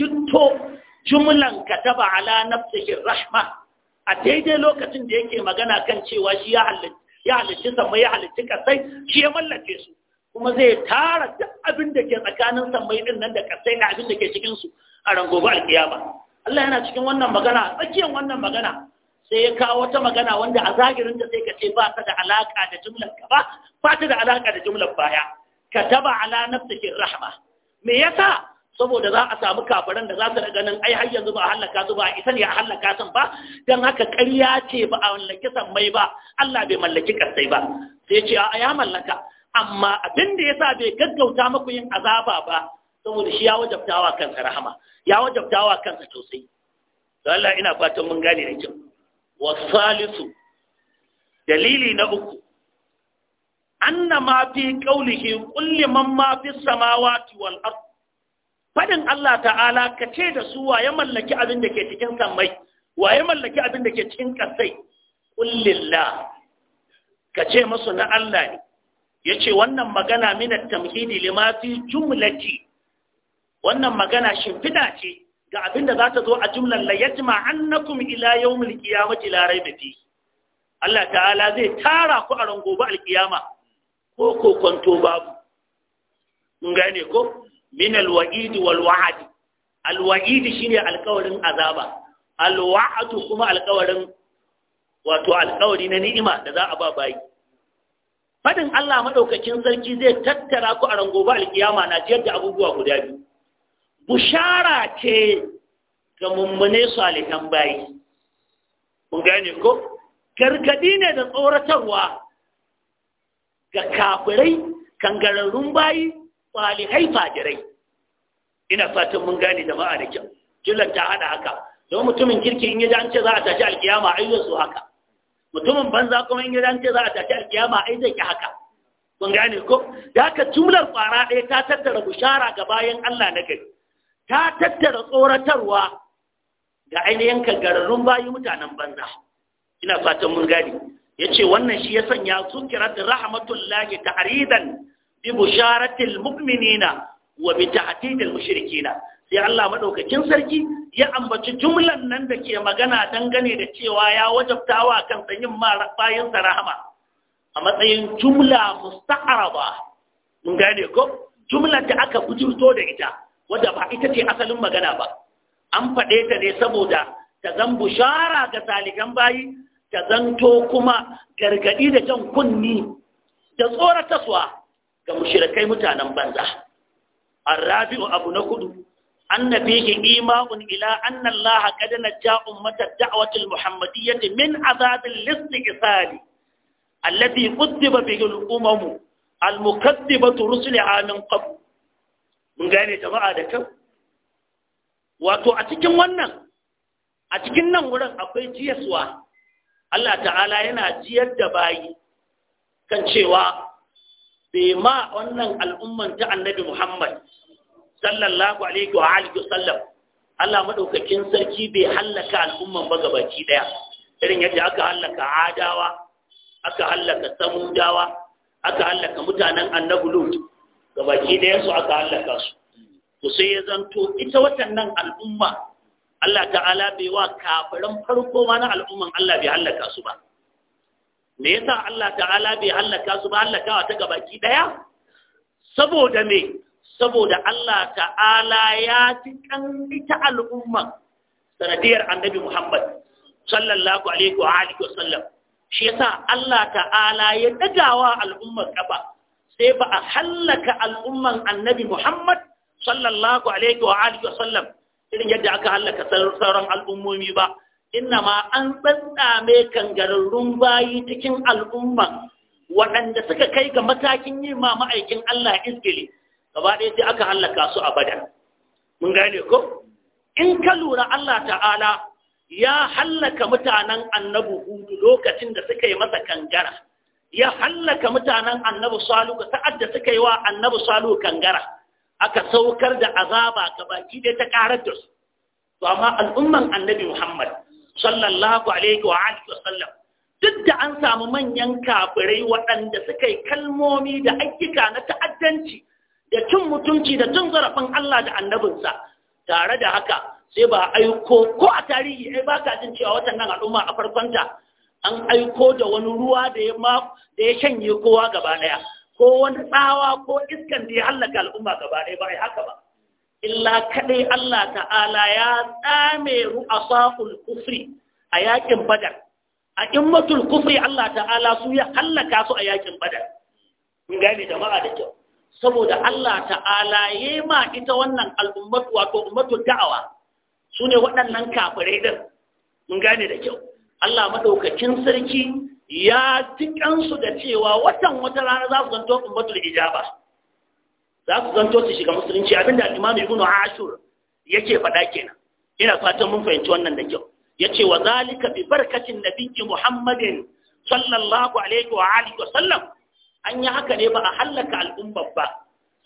jitto jumlan kataba ala nafsihi rahma a daidai lokacin da yake magana kan cewa shi ya halitta ya halitta sammai ya halitta kasai shi ya mallake su kuma zai tara duk abin da ke tsakanin sammai din nan da kasai da abin da ke cikin su a gobe alkiyama Allah yana cikin wannan magana tsakiyar wannan magana sai ya kawo wata magana wanda a zahirin ta sai ka ce ba ta da alaka da jumlar ka ba ba ta da alaka da jumlar baya ka taba ala nafsikin rahma me yasa saboda za a samu kafiran da za su da ganin ai har yanzu ba a hallaka su ba a isa ne a hallaka san ba Don haka ƙarya ce ba a mallaki sammai ba Allah bai mallaki ƙasai ba sai ce a ya mallaka amma abin da ya sa bai gaggauta muku yin azaba ba saboda shi ya wajabtawa kansa rahama ya wajabtawa kansa tausayi to Allah ina fatan mun gane da kyau Salisu dalili na uku anna ma fi qaulihi kulli man ma fi samawati wal ardh faɗin Allah ta'ala ka ce da su wa ya mallaki abin da ke cikin sammai wa ya mallaki abin da ke cikin ƙasai kullillah ka ce masu na Allah ne ya ce wannan magana minar tamhidi limafi jumlaci wannan magana shimfiɗa ce ga abin da za ta zo a jumlar la ya jima annakum ila yau mulki ya mace larai da fi Allah ta'ala zai tara ku a gobe alkiyama ko ko kwanto babu mun gane ko min alwa'id wal wa'd alwa'id shine alƙawarin azaba alwa'd kuma alƙawarin wato alƙawari na ni'ima da za a ba bayi fadin Allah madaukakin sarki zai tattara ku a rangoba alkiyama na ciyar da abubuwa guda biyu bushara ce ga mummune salihan bayi kun gane ko gargadi ne da tsoratarwa ga kafirai kangararrun bayi salihai fajirai ina fatan mun gane jama'a da kyau jillan ta hada haka don mutumin kirki in da an ce za a tashi alkiyama ai zai so haka mutumin banza kuma in da an ce za a tashi alkiyama ai zai ki haka kun gane ko da haka jumlar kwara ɗaya ta tattara bushara ga bayan Allah na gari ta tattara tsoratarwa ga ainihin kagararrun bayi mutanen banza ina fatan mun gane yace wannan shi ya sanya su kira da rahmatullahi tahridan bi busharatil mu'minina wa bi ta'tidil mushrikina sai Allah madaukakin sarki ya ambaci jumlan nan da ke magana dangane da cewa ya wajabtawa kan sanyin bayan bayin rahama a matsayin jumla musta'araba mun gane ko jumla ta aka bujurto da ita wadda ba ita ce asalin magana ba an faɗe ta ne saboda ta zan bushara ga saligan bayi ta zanto kuma gargadi da jan kunni da tsorataswa ga mushrikai mutanen banza arrabi'u abu na kudu annabi ke imanun ila anna Allah qad najja ummata da'watil muhammadiyyati min azabil listiqsali alladhi quddiba bihi al-umam al-mukaththibatu rusulaha min qabl mun gane jama'a da kyau wato a cikin wannan a cikin nan wurin akwai jiyaswa Allah ta'ala yana jiyar da bayi kan cewa bema wannan al'umman ta annabi Muhammad sallallahu alaihi wa alihi wasallam Allah madaukakin sarki bai hallaka al'umman ba gabaki daya irin yadda aka hallaka adawa aka hallaka samudawa aka hallaka mutanen annabi lut gabaki daya su aka hallaka su to sai ya zanto ita watannan al'umma Allah ta'ala bai wa kafiran farko ma na al'umman Allah bai hallaka su ba me yasa Allah ta'ala bai hallaka su ba hallakawa ta gabaki daya saboda me saboda Allah ta'ala ya ci kan al'umma sanadiyar annabi Muhammad sallallahu alaihi wa alihi wa sallam shi yasa Allah ta'ala ya dagawa al'ummar kafa sai ba a halaka al'umman annabi Muhammad sallallahu alaihi wa alihi wa sallam irin yadda aka halaka sauran al'ummomi ba inna ma an tsantsame kangararrun bayi cikin al'umma waɗanda suka kai ga matakin yin ma ma'aikin Allah Iskili gaba ɗaya sai aka hallaka su a bada mun gane ko in ka lura Allah ta'ala ya hallaka mutanen annabi hudu lokacin da suka yi masa kangara ya hallaka mutanen annabi salihu sa'ad da suka yi wa annabi salu kangara aka saukar da azaba ga baki da ta karar da to amma al'umman annabi Muhammad sallallahu alaihi wa alihi wasallam duk da an samu manyan kafirai waɗanda suka yi kalmomi da ayyuka na ta'addanci da cin mutunci da cin zarafin Allah da annabinsa tare da haka sai ba aiko ko a tarihi ai ba ka jin cewa watannan al'umma a farkonta an aiko da wani ruwa da ya da ya shanye kowa gaba daya ko wani tsawa ko iskan da ya halaka al'umma gaba daya ba ai haka ba illa kadai Allah ta'ala ya tsame ru'asaful kufri a yakin badar a immatul kufri Allah ta'ala su ya hallaka su a yakin badar mun gane jama'a da kyau saboda Allah ta'ala ya ita wannan al'ummatu wato ummatu da'awa su ne waɗannan kafirai din mun gane da kyau Allah madaukakin sarki ya su da cewa watan wata rana za su zanto ummatul ijaba za su zanto su shiga musulunci abinda imamu ibnu ashur yake faɗa kenan ina fatan mun fahimci wannan da kyau yace wa zalika bi barkatin nabiyyi muhammadin sallallahu alaihi wa alihi wa sallam an yi haka ne ba a hallaka al'umma ba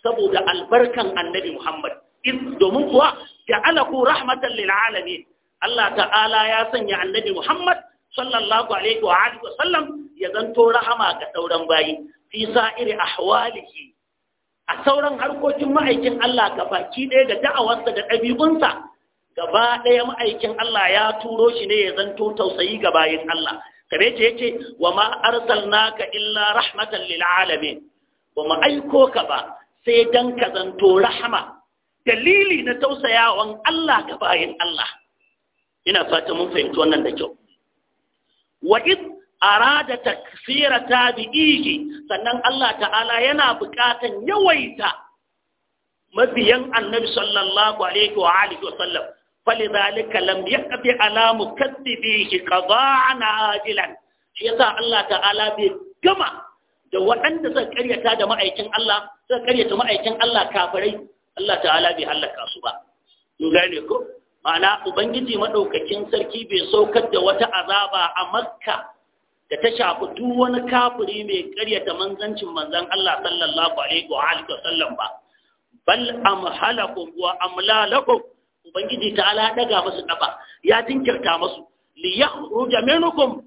saboda albarkan annabi muhammad domin kuwa ja'alahu rahmatan lil alamin Allah ta'ala ya sanya annabi muhammad sallallahu alaihi wa alihi wa sallam ya zanto rahama ga sauran bayi fi sa'iri ahwalihi a sauran harkokin ma'aikin Allah ga ɗaya da da'awarsa da ɗabi'unsa gaba ɗaya ma'aikin Allah ya turo shi ne ya zanto tausayi ga bayin Allah kare ce yace wa ma naka illa rahmatan lil alamin ba mu aiko ka ba sai dan ka zanto rahma dalili na tausayawan Allah ga bayin Allah ina fata mun fahimci wannan da kyau wa id arada taksira tabi'ihi sannan Allah ta'ala yana buƙatan yawaita mabiyan annabi sallallahu alaihi wa alihi wa sallam falidhalika lam yaqdi ala mukaththibihi qada'an ajilan shi yasa Allah ta'ala bai gama da waɗanda suka karyata da ma'aikin Allah suka karyata ma'aikin Allah kafirai Allah ta'ala bai halaka su ba mun gane ko ma'ana ubangiji madaukakin sarki bai saukar da wata azaba a makka da ta shafi duk wani kafiri mai karyata manzancin manzan Allah sallallahu alaihi wa alihi wasallam ba bal amhalakum wa amlalakum ubangiji ta ala daga musu dafa ya tinkirta musu li yakhruja minkum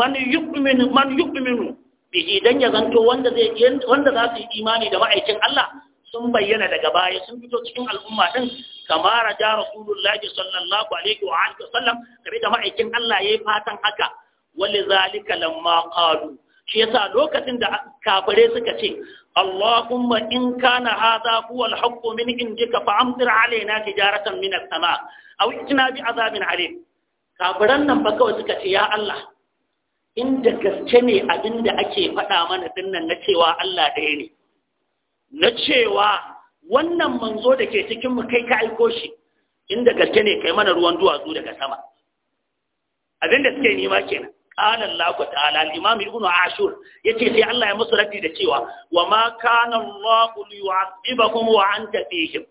man yu'minu man yu'minu bi idan ya zanto wanda zai wanda za su yi imani da ma'aikin Allah sun bayyana daga baya sun fito cikin al'umma din kamar da rasulullahi sallallahu alaihi wa alihi wasallam kabe da ma'aikin Allah yayi fatan haka wali zalika lamma qalu shi yasa lokacin da kafare suka ce Allahumma in kana hadha huwa al-haqqu min indika fa amtir alayna tijaratan min as-sama aw itina bi azabin alim kafiran nan baka kawai suka ce ya Allah inda gaske ne abinda ake faɗa mana dinnan na cewa Allah ɗaya ne na cewa wannan manzo da ke cikin mu kai ka aiko shi inda gaske ne kai mana ruwan duwatsu daga sama abinda suke nima kenan qala Allah ta'ala al-imam ibn ashur yace sai Allah ya musu raddi da cewa wa ma kana Allah liyu'azibakum wa anta fihim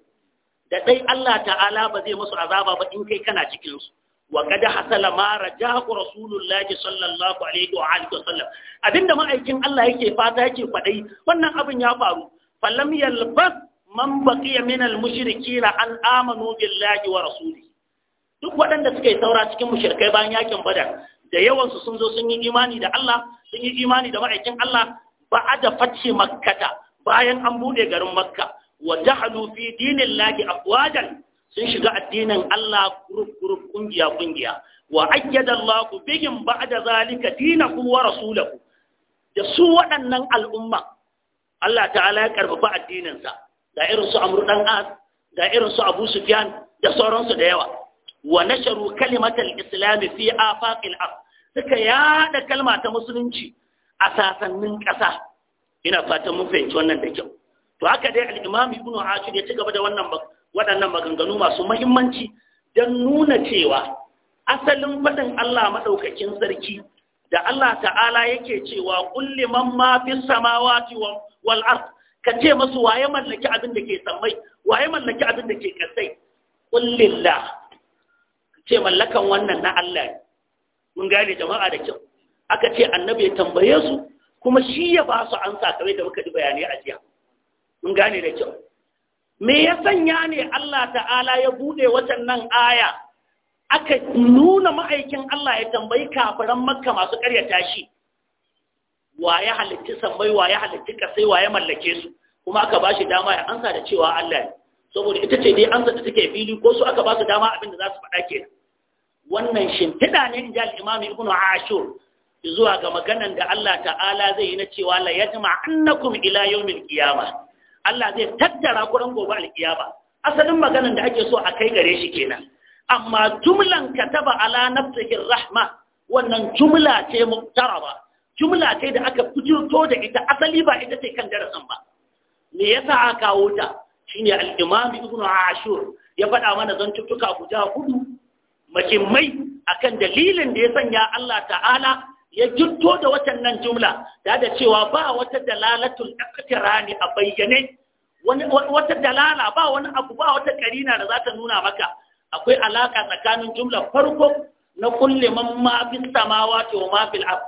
da dai Allah ta'ala ba zai musu azaba ba in kai kana cikin su wa kada hasala ma rajahu rasulullahi sallallahu alaihi wa alihi wasallam abinda ma'aikin Allah yake fata yake fadai. wannan abin ya faru falam yalbas man baqiya min al-mushrikeena an amanu billahi wa rasulihi duk waɗanda suka yi saura cikin mushrikai bayan yakin badar da yawansu sun zo sun yi imani da Allah sun yi imani da ma'aikin Allah ba a da makkata bayan an bude garin makka wa jahalu fi dinin lahi afwajan sun shiga addinin Allah group group kungiya kungiya wa ayyada Allah bihim ba'da zalika dinakum wa rasulaku. da su waɗannan al'umma Allah ta'ala ya karfafa addininsa da irin su Amr dan As da irin su Abu Sufyan da sauransu da yawa wa nasharu kalimatal islami fi afaqil ard suka yada kalma ta musulunci a sasannin ƙasa ina fatan mun fahimci wannan da kyau to haka dai al-imam ibnu ya ci da wannan waɗannan maganganu masu muhimmanci don nuna cewa asalin faɗin Allah maɗaukakin sarki da Allah ta'ala yake cewa kulli man ma fi samawati wal ard ka ce masu waye mallaki abin da ke sammai waye mallaki abin da ke kasai kullillah ce mallakan wannan na Allah ne mun gane jama'a da kyau aka ce annabi ya tambaye su kuma shi ya ba su ansa kamar da muka ji bayanai a jiya mun gane da kyau me ya sanya ne Allah ta'ala ya bude nan aya aka nuna ma'aikin Allah ya tambayi kafiran makka masu karyata tashi. wa ya halitti sammai wa ya halitti kasai wa ya mallake su kuma aka bashi dama ya ansa da cewa Allah ne saboda ita ce dai amsa ta take fili ko su aka ba su dama abin da za su faɗa ke wannan shimfiɗa ne in al-imam ibn ashur zuwa ga maganan da Allah ta'ala zai yi na cewa la yajma annakum ila yawmil qiyama Allah zai tattara ku ran gobe alkiyama asalin maganan da ake so a kai gare shi kenan amma jumlan kataba ala nafsihi rahma wannan jumla ce muktaraba jumla ce da aka fitirto da ita asali ba ita ce kan darasin ba me yasa aka kawo ta shine al-imam ibnu ashur ya faɗa mana zantuttuka guda hudu mahimmai akan dalilin da ya sanya Allah ta'ala ya jutto da watannan jumla da da cewa ba wata dalalatul iqtirani a bayyane wani wata dalala ba wani abu ba wata karina da za ta nuna maka akwai alaka tsakanin jumla farko na kulli man ma fis samawati wa ma fil ard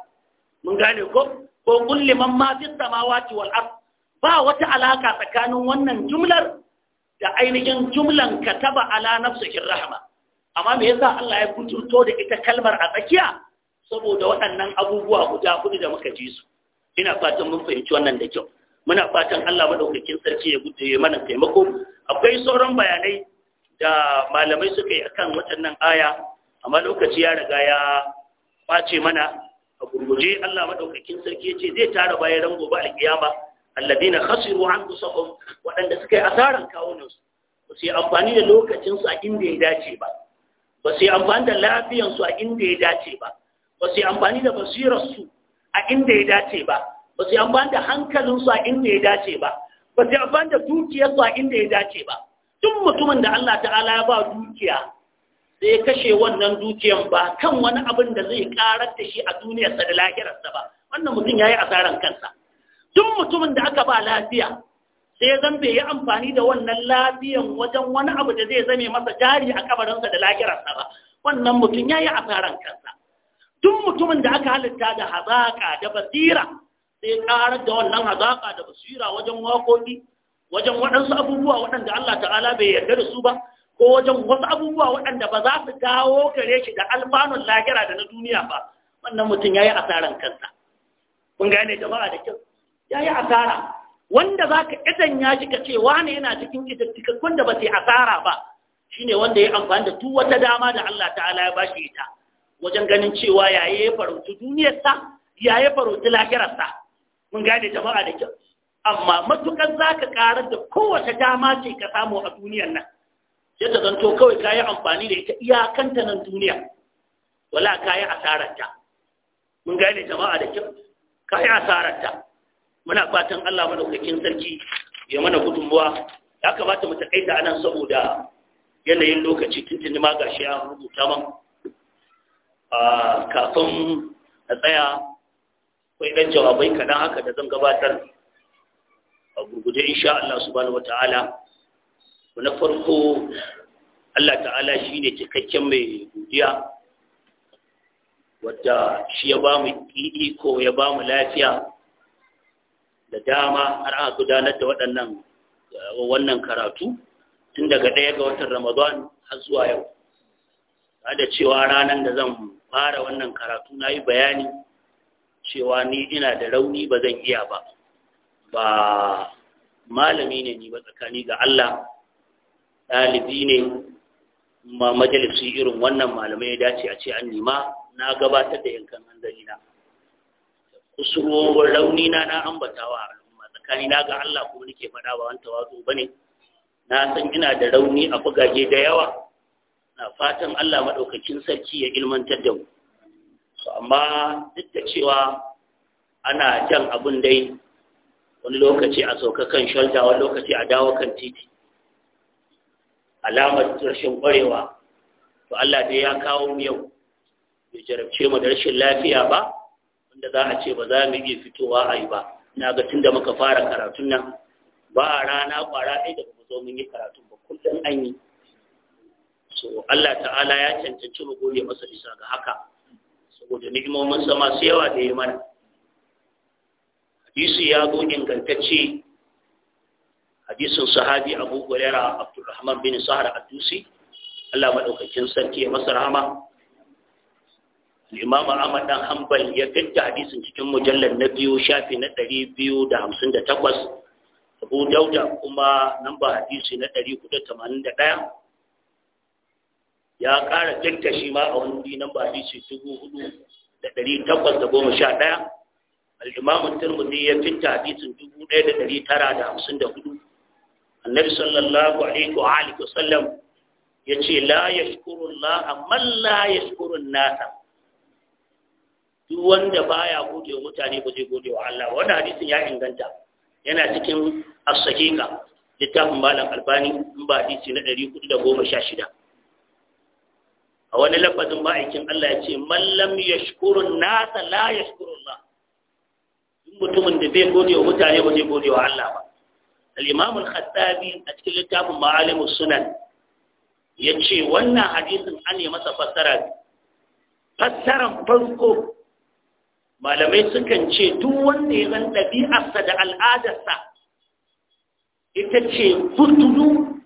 mun gane ko ko kulli man ma fis samawati wal ard ba wata alaka tsakanin wannan jumlar da ainihin jumlan ka kataba ala nafsikin rahama amma me yasa Allah ya kuturto da ita kalmar a tsakiya saboda waɗannan abubuwa guda kudi da muka ji su ina fatan mun fahimci wannan da kyau muna fatan Allah madaukakin sarki ya gudu ya mana taimako akwai sauran bayanai da malamai suka yi akan waɗannan aya amma lokaci ya riga ya ɓace mana a gurguje Allah madaukakin sarki ya ce zai tara bayan rango ba alƙiyama alladina khasiru anfusahum waɗanda suka yi asaran su. ba su yi amfani da lokacinsu a inda ya dace ba ba su yi amfani da lafiyansu a inda ya dace ba ba su yi amfani da basirarsu a inda ya dace ba ba su yi amfani da hankalinsu a inda ya dace ba ba su yi amfani da dukiyarsu a inda ya dace ba duk mutumin da Allah ta'ala ya ba dukiya sai kashe wannan dukiyan ba kan wani abin da zai karar da shi a duniyarsa da lahirarsa ba wannan mutum ya yi asaran kansa duk mutumin da aka ba lafiya sai ya zan bai yi amfani da wannan lafiyan wajen wani abu da zai zame masa jari a kabarinsa da lahirarsa ba wannan mutum ya yi asaran kansa duk mutumin da aka halitta da hazaka da basira sai karar da wannan hazaka da basira wajen waƙoƙi wajen waɗansu abubuwa waɗanda Allah ta'ala bai yarda da su ba ko wajen wasu abubuwa waɗanda ba za su dawo gare shi da alfanun lahira da na duniya ba wannan mutum ya yi asaran kansa kun gane jama'a da kyau ya yi asara wanda za ka idan ya shiga ka ce yana cikin idattikakkun da ba sai asara ba Shi ne wanda ya amfani da duk wata dama da Allah ta'ala ya bashi ita wajen ganin cewa ya ya farauci duniyarsa yi farauci lahirarsa mun gane jama'a da kyau amma matukar za ka karar da kowace dama ce ka samu a duniyar nan yadda zanto kawai ka yi amfani da ita iyakanta nan duniya wala ka yi asararta mun gane jama'a da kyau ka yi asararta muna fatan Allah madaukakin sarki ya mana gudunmuwa ya kamata mu takaita anan saboda yanayin lokaci tuntuni ma gashi ya rubuta man kafin a tsaya akwai ɗan jawabai kaɗan haka da zan gabatar a gurguje insha Allah subhanahu wata'ala na farko Allah ta'ala shi ne cikakken mai godiya wadda shi ya ba mu iko ya ba mu lafiya da dama har aka gudanar da waɗannan eh, wannan karatu tun daga ɗaya ga watan ramadan har zuwa yau da cewa ranar da zan fara wannan karatu na yi bayani cewa ni ina da rauni ba zan iya ba ba malami ne ni ba tsakani ga Allah ɗalibi ne ma majalisi irin wannan malamai ya dace a ce an nima na gabatar da yankan hanzari na kusurwowar rauni na na ambatawa a al'umma tsakani na ga Allah kuma nake faɗa ba wanta wazo ba ne na san ina da rauni a bugage da yawa na fatan Allah maɗaukakin sarki ya ilmantar da mu so amma duk da cewa ana jan abin dai wani lokaci a sauka kan shalta wani lokaci a dawo kan titi alamar rashin ƙwarewa to Allah dai ya kawo mu yau bai jarabce mu da rashin lafiya ba wanda za a ce ba za mu iya fitowa a yi ba ina ga tun da muka fara karatun nan ba a rana kwara ɗaya da kuma zo mun yi karatun ba kullum an yi so Allah ta'ala ya cancanci mu gode masa bisa ga haka saboda ni'imomin sa masu yawa da ya mana hadisi ya zo ingantacce hadisin sahabi Abu Hurairah Abdulrahman bin Sahar Ad-Dusi Allah madaukakin sarki ya masa rahama imam ahmad dan hanbal ya gadda hadisin cikin mujallar na biyu shafi na ɗari biyu da hamsin da takwas abu dauda kuma namba hadisi na ɗari tamanin da ɗaya ya ƙara gadda shi ma a wani namba hadisi dubu hudu da ɗari takwas da goma sha ɗaya ya fitta hadisin dubu ɗaya da ɗari tara da hamsin da annabi sallallahu alaihi wa alihi wa sallam ya ce la yashkuru Allah man la yashkuru nasa duk wanda baya gode mutane ba zai gode wa Allah wannan hadisin ya inganta yana cikin as-sahiha littafin malam albani in ba hadisi na 416 a wani lafazin ma'aikin Allah ya ce mallam yashkurun nasa la yashkurullah duk mutumin da bai gode wa mutane ba zai gode wa Allah ba al-imam al-khattabi a cikin littafin ma'alim sunan ya ce wannan hadisin an yi masa fassara fassaran farko malamai sukan ce duk wanda ya zan ɗabi'arsa da al'adarsa ita ce furtulu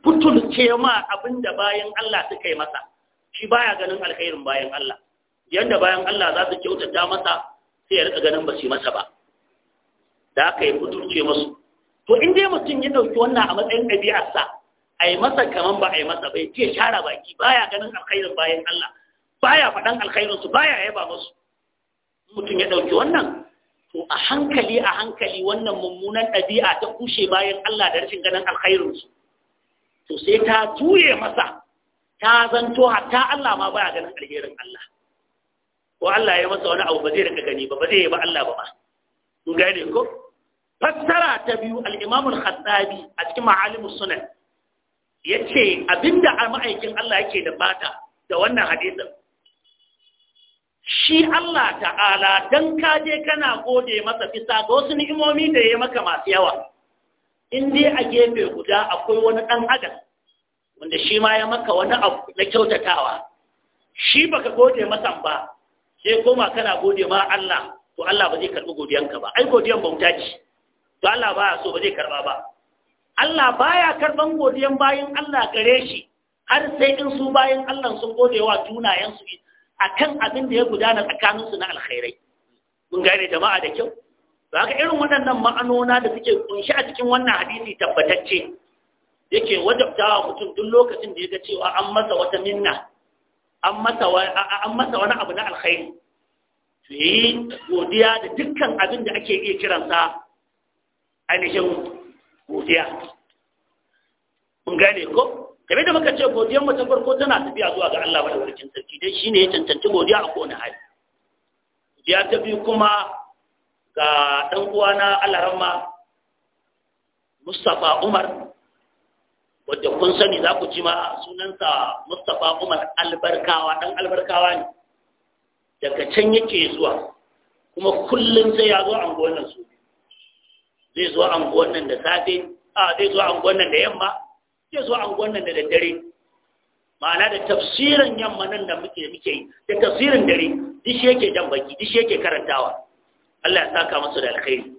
ma abin da bayan Allah suka yi masa shi baya ganin alkhairin bayan Allah yadda bayan Allah za su kyautata masa sai ya rika ganin ba su masa ba da aka yi furtulce masu to in dai mutum ya ɗauki wannan a matsayin ɗabi'arsa a yi masa kaman ba a yi masa bai ce share baki baya ganin alkhairin bayan Allah baya faɗan alkhairinsu baya yaba masu. mutum ya ɗauki wannan to a hankali a hankali wannan mummunan ɗabi'a ta kushe bayan Allah da rashin ganin alkhairinsu to sai ta juye masa ta zanto hatta Allah ma baya ganin alherin Allah ko Allah ya masa wani abu ba zai rika gani ba ba zai yi ba Allah ba ma kun gane ko fassara ta biyu al-Imam al-Khattabi a cikin Ma'alimus Sunan yace abinda ma'aikin Allah yake da bata da wannan hadisin shi Allah ta'ala don kaje kana gode masa bisa ga wasu ni'imomi da ya maka masu yawa in dai a gefe guda akwai wani ɗan adam wanda shi ma ya maka wani abu na kyautatawa shi baka gode masa ba sai koma kana gode ma Allah to Allah ba zai karɓi godiyanka ba ai godiyan bauta ce to Allah baya so ba zai karɓa ba Allah baya karɓan godiyan bayan Allah gare shi har sai in su bayan Allah sun gode wa tunayensu akan abin da ya gudana tsakaninsu na alkhairai mun gane jama'a da kyau ba ga irin waɗannan ma'anona da suke kunshi a cikin wannan hadisi tabbatacce yake wajabtawa mutum duk lokacin da ya ga cewa an masa wata minna an masa wani abu na alkhairi su yi godiya da dukkan abin da ake iya kiransa ainihin godiya mun gane ko kamar da muka ce godiyar mu ta farko tana tafiya zuwa ga Allah wurin sarki dai shine ya cancanci godiya a kowane hali ta biyu kuma ga dan uwana Allah rahma Mustafa Umar wadda kun sani za ku ji ma sunansa Mustafa Umar Albarkawa dan Albarkawa ne daga can yake zuwa kuma kullum sai ya zo a su zai zo a da safe a zai zo a da yamma zai zo anguwan wannan da daddare ma'ana da tafsirin yamma nan da muke muke yi da tafsirin dare dishi yake jan baki dishi yake karantawa Allah ya saka musu da alkhairi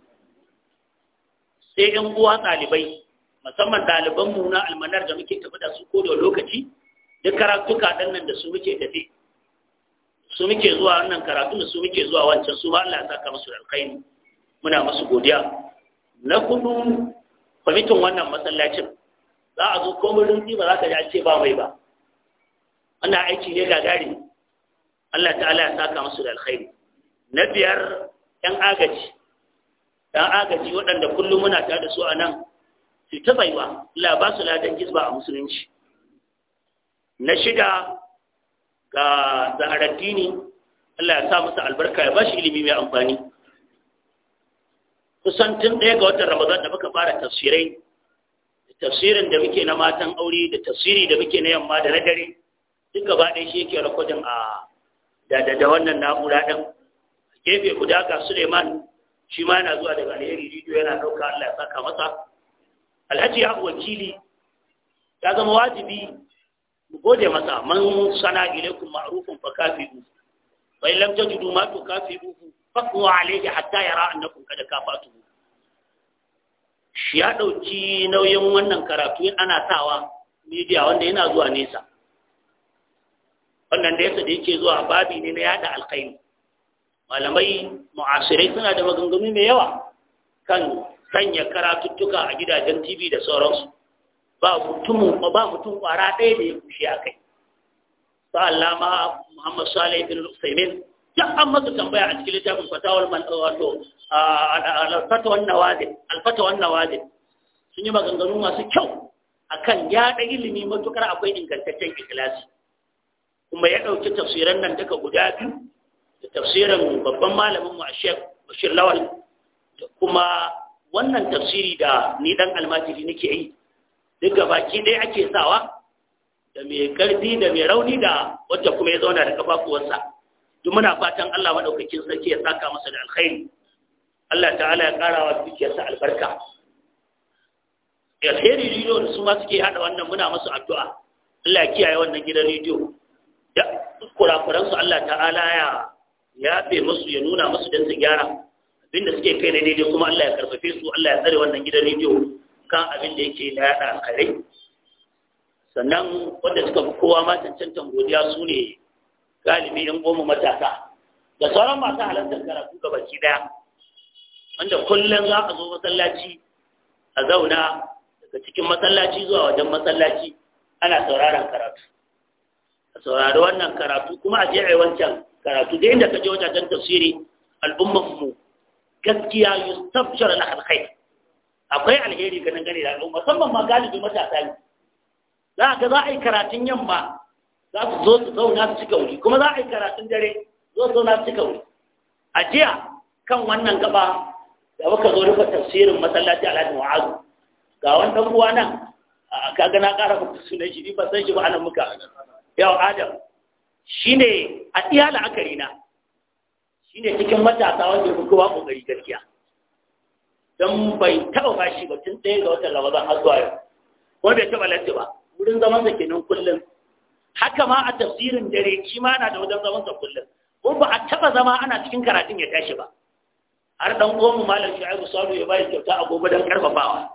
sai yan uwa ɗalibai musamman ɗaliban mu na almanar da muke tafi da su ko da lokaci duk ka dan nan da su muke tafi su muke zuwa wannan karatu da su muke zuwa wancan su ma Allah ya saka musu da alkhairi muna musu godiya na kudu kwamitin wannan masallacin za a zo komai rinzi ba za ka ji ce ba mai ba wannan aiki ne ga gagari Allah ta'ala ya saka musu da alkhairi na biyar 'yan agaji yan agaji waɗanda kullum muna tare da su a nan su ta baiwa Allah ba su ladan gizba a musulunci na shida ga zaharaddini Allah ya sa musu albarka ya ba shi ilimi mai amfani kusan tun ɗaya ga watan Ramadan da muka fara tafsirai tafsirin da muke na matan aure da tafsiri da muke na yamma da na dare duk gaba ɗaya shi yake rikodin a da wannan na'ura ɗin gefe guda ga suleiman shi ma yana zuwa daga alheri rijiyo yana dauka allah ya saka masa alhaji ya wakili ya zama wajibi mu gode masa man sana ilaikum ma'rufun fa kafidu fa in lam tajidu ma tukafidu fa qulu alayhi hatta yara annakum kad kafatuhu shi ya ɗauki nauyin wannan karatu ana sawa media wanda yana zuwa nesa wannan da yasa da yake zuwa babi ne na yada alkhairi malamai mu'asirai suna da maganganu mai yawa kan sanya karatuttuka a gidajen tv da sauransu ba mutum ba ɗaya da ya kushe a kai ba allama muhammad salih bin usaimin duk an masa tambaya a cikin littafin fatawar wato alfata wannan sun yi maganganu masu kyau akan yaɗa ilimi matukar akwai ingantaccen ikilasi kuma ya ɗauki tafsiran nan duka guda biyu da tafsirin babban malamin mu a shek bashir lawal da kuma wannan tafsiri da ni dan almajiri nake yi duka baki ɗaya ake sawa da mai ƙarfi da mai rauni da wacce kuma ya zauna da kafafuwarsa duk muna fatan Allah maɗaukakin sarki ya saka masa da alkhairi Allah ta'ala ya ƙara wa dukiyarsa albarka alheri rediyo da su ma suke haɗa wannan muna masu addu'a Allah ya kiyaye wannan gidan rediyo da kurakuransu Allah ta'ala ya yafe musu ya nuna musu don su gyara abinda suke kai na daidai kuma Allah ya karfafe su Allah ya tsare wannan gidan rediyo kan abin da yake na yaɗa kare sannan wanda suka fi kowa ma cancantan godiya su ne galibi yan goma matasa da sauran masu halartar karatu ga baki ɗaya. wanda kullum za a zo masallaci a zauna daga cikin masallaci zuwa wajen masallaci ana sauraron karatu a saurari wannan karatu kuma a je a yi wancan karatu da inda ka je wajajen tafsiri al'ummanmu gaskiya, yi tafsir na alkhair akwai alheri ganin gani da al'umma musamman ma galibi matasa ne za ka za a yi karatun yamma za su zo su zauna su cika wuri kuma za a yi karatun dare zo su zauna su cika wuri a jiya kan wannan gaba da muka zo rufe tafsirin masallaci alhaji mu'azu ga wani ɗan uwa nan ka ga na ƙara muku sunan shi ba san shi ba anan muka yau adam shine a iya la'akari na shine cikin matasa wanda ya kowa kokari gaskiya don bai taɓa fashi ba tun ɗaya ga watan ramadan har zuwa yau wanda ya taɓa ba wurin zaman sa kenan kullum haka ma a tafsirin dare shi ma na da wajen zaman sa kullum ko ba a taɓa zama ana cikin karatun ya tashi ba har dan mu malam shu'aibu salu ya bai kyauta a gobe don karfafawa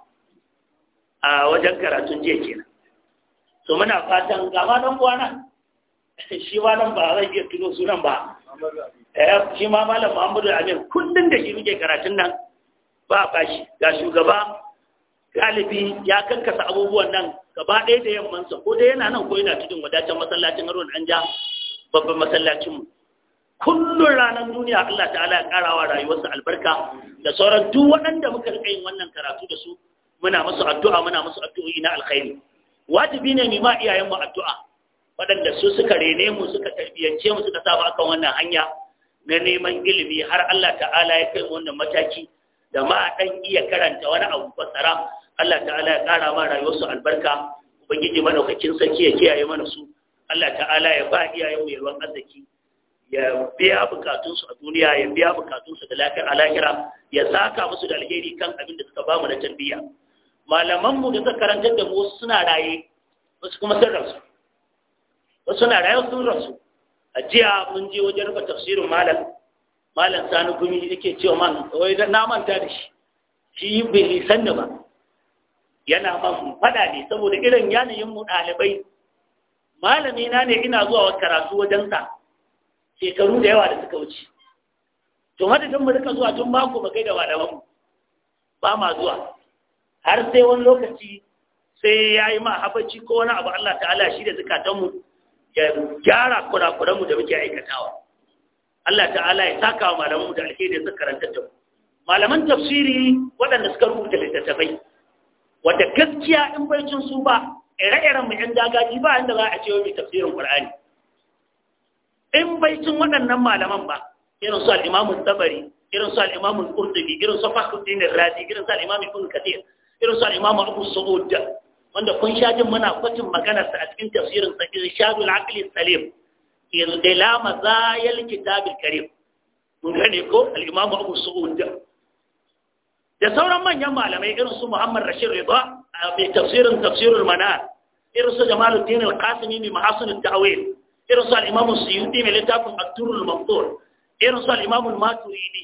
a wajen karatun jiya kenan to muna fatan ga ma dan na? shi ma nan ba zai iya tuno sunan ba eh shi ma malam Muhammadu Amin, kullun da shi muke karatun nan ba bashi ga shugaba galibi ya kankasa abubuwan nan gaba ɗaya da sa, ko dai yana nan ko yana cikin wadatar masallacin Haruna Anja babban masallacin mu kullum ranar duniya Allah ta'ala ya karawa rayuwarsa albarka da sauran duk waɗanda muka rika yin wannan karatu da su muna musu addu'a muna musu addu'o'i na alkhairi wajibi ne mu ma iyayen mu addu'a waɗanda su suka rene mu suka tarbiyance mu suka saba akan wannan hanya na neman ilimi har Allah ta'ala ya kai wannan mataki da ma dan iya karanta wani abu fasara Allah ta'ala ya kara ma rayuwarsu albarka ubangiji madaukakin sarki ya kiyaye mana su Allah ta'ala ya ba iyayen mu yalwan arziki ya biya bukatunsu a duniya ya biya bukatunsu da lafiyar alakira ya saka musu da alheri kan abin da suka ba mu na tarbiyya malaman mu da suka karanta da mu wasu suna raye wasu kuma sun rasu wasu suna raye wasu sun rasu a jiya mun je wajen rufe tafsirin malam malam sani gumi yake cewa man wai na manta da shi shi bai san da ba yana man fada ne saboda irin yanayin mu ɗalibai malami na ne ina zuwa karatu wajensa shekaru da yawa da suka wuce to madadin mu rika zuwa tun mako ba kai da wadawan ba ma zuwa har sai wani lokaci sai ya yi ma habaci ko wani abu Allah ta'ala shi da zukatanmu ya gyara kurakuranmu da muke aikatawa Allah ta'ala ya saka wa malamanmu da alheri suka karanta ta malaman tafsiri waɗanda suka rubuta littattafai wata gaskiya in bai cin su ba ire-iren mu 'yan dagaji ba inda za a ce wani tafsirin Qur'ani in baicin waɗannan malaman ba irin su al'imamun tabari irin su al'imamun kurdubi irin su fakuddin razi irin su al'imamun ibn kathir irin su al'imamun abu su'ud wanda kun sha jin muna kwatin maganar sa a cikin tafsirin sa irshadul aqli salim ila mazayil kitabil karim mun gane ko al'imamun abu su'ud da sauran manyan malamai irin su muhammad rashid rida a mai tafsirin tafsirul manar irin su jamaluddin al-qasimi mai mahasin tawil irin su al'imamun suyuti mai littafin abdurul mamdur irin su al'imamun maturidi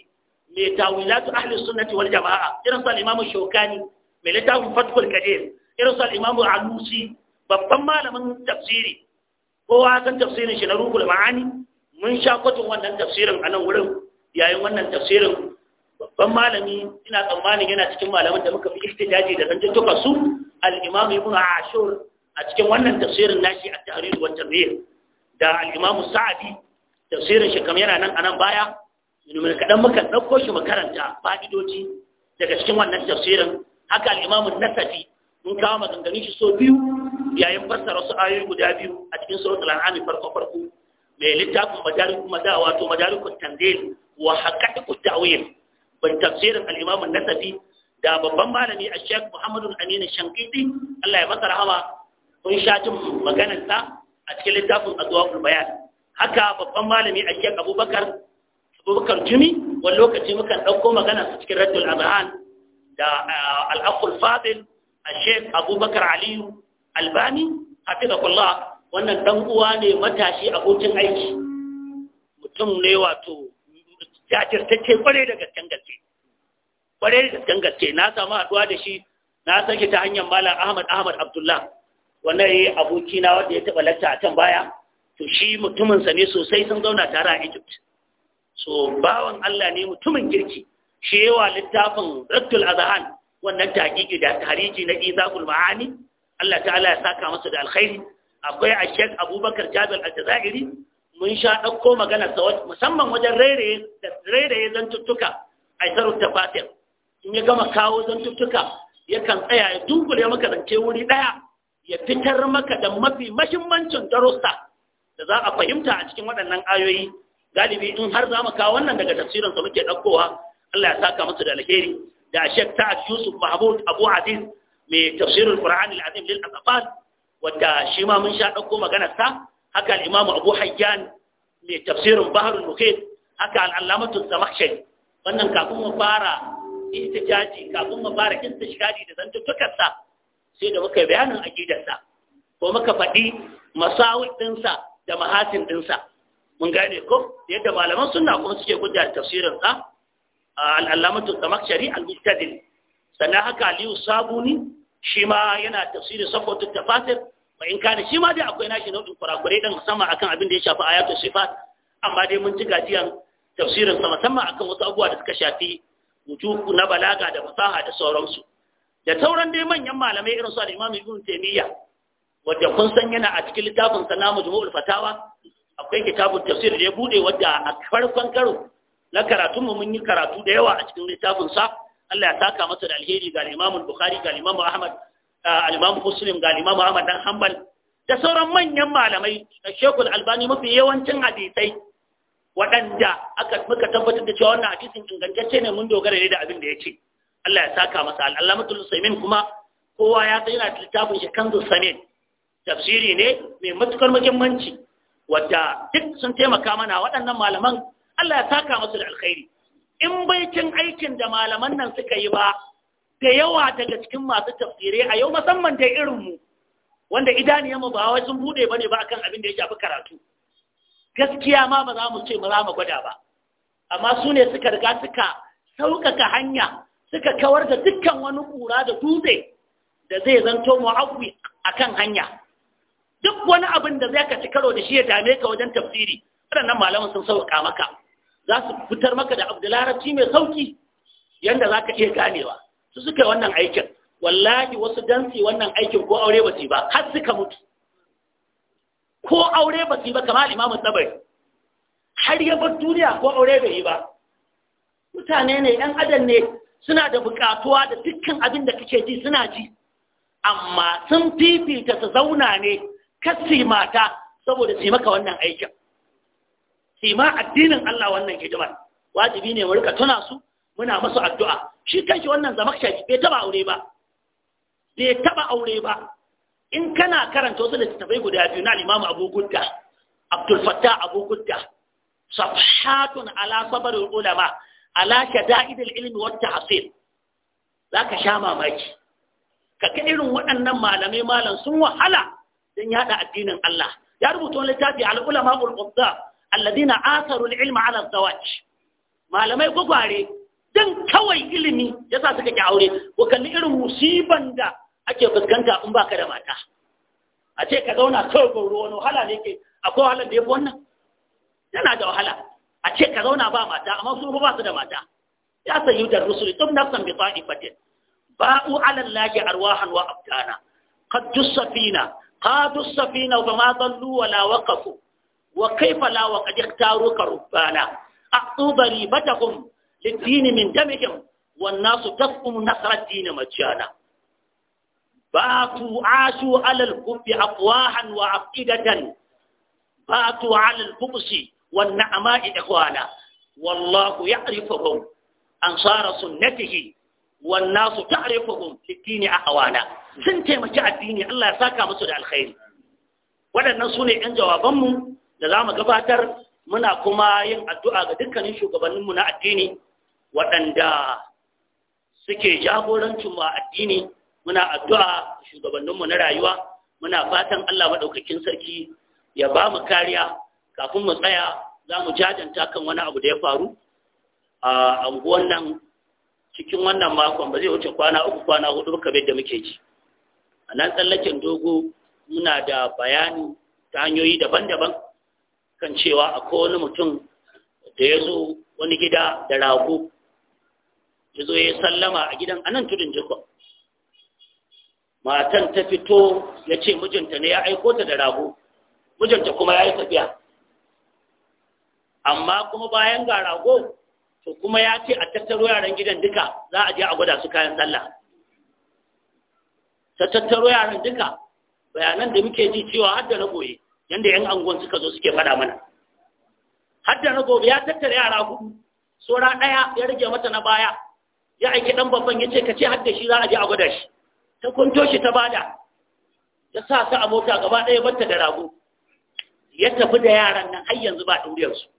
mai tawilatu ahli sunnati wal jama'a irin su al'imamun shokani mai littafin fatkul kadir irin su al'imamun alusi babban malamin tafsiri kowa san tafsirin shi na ruhul ma'ani mun sha kwatun wannan tafsirin a nan wurin yayin wannan tafsirin babban malami ina tsammanin yana cikin malamin da muka fi ihtijaji da zan zantuttuka su al-imam ibn ashur a cikin wannan tafsirin nashi a tahrir wa tarhir da al sa'adi, tafsirin shi kamar yana nan anan baya mun kaɗan muka ɗauko shi makaranta fa'idoji daga cikin wannan tafsirin haka al Nasafi mun kawo maganganun shi so biyu yayin fassara su ayoyi guda biyu a cikin suratul an'am farko farko mai littafin madarikun mada wato madarikun tanzil wa haqqatu ta'wil ban tafsirin al Nasafi da babban malami a shek Muhammadu Aminu Shankiti Allah ya masa rahama kun sha jin maganarsa a cikin littafin adwaqul bayan haka babban malami cikin abubakar abubakar jumi wani lokaci mukan ɗauko magana su cikin raddul azhan da eh, al-aqul fadil a sheikh abubakar aliyu albani hafizakullah wannan dan uwa ne matashi abokin aiki mutum ne wato jajirtacce kwarai da gasken gaske kwarai da gasken gaske na samu haɗuwa da shi na sake ta hanyar malam ahmad ahmad abdullah wannan yi aboki na wanda ya taba lakta a can baya to shi mutuminsa ne sosai sun zauna tare a Egypt so bawan Allah ne mutumin kirki shi yawa littafin Rattul Azhan wannan taqiqi da tariji na Izaqul Maani Allah ta'ala ya saka masa da alkhairi akwai a Sheikh Abubakar Jabir Al-Jazairi mun sha ɗauko magana sa musamman wajen rairaye da rairaye zantuttuka ta in ya gama kawo zantuttuka yakan tsaya ya dunkule maka zance wuri ɗaya ya fitar maka da mafi mahimmancin darussa da za a fahimta a cikin waɗannan ayoyi galibi in har za mu kawo wannan daga tafsirin sa muke ɗaukowa Allah ya saka musu da alheri da Sheikh Ta'ad Yusuf Mahmud Abu Aziz mai tafsirin Qur'an al-Azim lil Asafan wanda shi ma mun sha ɗauko maganar sa haka al-Imam Abu Hayyan mai tafsirin Bahrul Mukhit haka al-Allamatu Zamakhshari wannan kafin mu fara ihtijaji kafin mu fara istishhadi da zantuttukan sa sai da muka bayanin aqidarsa ko muka faɗi masawul ɗinsa da mahasin ɗinsa. mun gane ko yadda malaman sunna kuma suke hujja tafsirin sa al-allamatu tamakshari al-muqtadil sannan haka aliyu sabuni shi ma yana tafsirin sabbatu tafasir ba in shi ma dai akwai nashi nau'in kurakure dan musamman akan abin da ya shafi ayatul sifat amma dai mun ci gajiyan tafsirin sa musamman akan wasu abubuwa da suka shafi wujuku na balaga da fasaha da sauransu da tauran dai manyan malamai irin su al-Imam Ibn Taymiyyah wanda kun san yana a cikin littafin sa na Majmu'ul Fatawa akwai kitabun tafsir da ya bude wadda a farkon karo na karatun mu mun yi karatu da yawa a cikin littafin sa Allah ya saka masa da alheri ga Imam Bukhari ga Imam Ahmad al-Imam Muslim ga Imam Ahmad dan Hanbal da sauran manyan malamai da Sheikhul Albani mafi yawancin hadisai waɗanda aka muka tabbatar da cewa wannan hadisin ingantacce ne mun dogara ne da abin da ya ce Allah ya saka masa al'allamatul usaimin kuma kowa ya san yana littafin shi kan samin tafsiri ne mai matukar muhimmanci wadda duk sun taimaka mana waɗannan malaman Allah ya saka masu da alkhairi in baikin aikin da malaman nan suka yi ba da yawa daga cikin masu tafsirai a yau musamman da mu wanda idaniyarmu ba wai sun bude bane ba akan abin da ya shafi karatu gaskiya ma ba za mu ce mu za mu gwada ba amma su ne suka riga suka sauƙaƙa hanya suka kawar da dukkan wani ƙura da dutse da zai zanto mu'awwi a kan hanya duk wani abin da zai ka ci karo da shi ya dame ka wajen tafsiri waɗannan malaman sun sauƙa maka za su fitar maka da abu mai sauƙi yadda za ka iya ganewa su suka yi wannan aikin wallahi wasu dansi wannan aikin ko aure ba su ba har suka mutu ko aure ba su ba kamar imamu tsabari har ya bar duniya ko aure bai yi ba mutane ne ‘yan adam ne suna da buƙatuwa da dukkan abin da kake ji suna ji amma sun fifita su zauna ne kasi mata saboda su maka wannan aikin su ma addinin Allah wannan hidimar wajibi ne mu rika tuna su muna masu addu'a shi kanki wannan zamakshari bai taba aure ba bai taba aure ba in kana karanta wasu littattafai guda biyu na Imam Abu Gudda Abdul Fattah Abu Gudda safhatun ala sabarul ulama ala shada'id al-ilm wa za zaka sha mamaki Ka ga irin waɗannan malamai malam sun wahala dan yada addinin Allah ya rubuta wani littafi al-ulama al-qudda alladhina atharu al-ilm ala zawaj malamai gwagware dan kawai ilimi yasa suka ki aure ko kalli irin musiban da ake fuskanta in baka da mata a ce ka zauna kawai ruwa wani wahala ne ke akwai wahala da ya fi wannan yana da wahala a ce ka zauna ba mata amma su ba su da mata ya sayi da rusuli tun san bi ta'ifatin ba'u ala allahi arwahan wa abdana qad tusafina qad Safina, wa ma dallu wa la waqafu wa kaifa la wa qad ikhtaru karubana aqtu daribatakum lid-din min damihim wan nasu tasqum nasra ad-din majana باتوا عاشوا على الكفر أفواها وأفئدة باتوا على الكبس والنعماء إخوانا والله يعرفهم أنصار سنته والناس تعرفهم في الدين أخوانا سنتي ما جاء الدين الله ساكا مسؤول الخير waɗannan su ne ‘yan jawabanmu da za mu gabatar muna kuma yin addu'a ga dukkanin shugabanninmu na addini waɗanda suke jagorancinmu a addini muna addu'a shugabanninmu na rayuwa muna fatan Allah maɗaukakin sarki ya ba mu kariya kafin mu tsaya za mu jajanta kan wani abu da ya faru a anguwan nan cikin wannan makon ba zai wuce kwana uku kwana hudu ba kamar da muke ji a nan tsallaken dogo muna da bayani ta hanyoyi daban-daban kan cewa akwai wani mutum da ya zo wani gida da rago ya zo ya sallama a gidan anan tudun jikon matan ta fito ya ce mijinta ne ya aiko ta da rago mijinta kuma ya yi tafiya amma kuma bayan ga rago to kuma ya ce a tattaro yaran gidan duka za a je a gwada su kayan sallah ta tattaro yaran duka bayanan da muke ji cewa hadda na goye yanda yan angon suka zo suke faɗa mana hadda na gobe ya tattara yara hudu sora ɗaya ya rage mata na baya ya aiki ɗan babban ya ce ka ce hadda shi za a je a gwada shi ta kwanto shi ta bada ya sa su a mota gaba ɗaya batta da rago ya tafi da yaran nan har yanzu ba ɗuriyarsu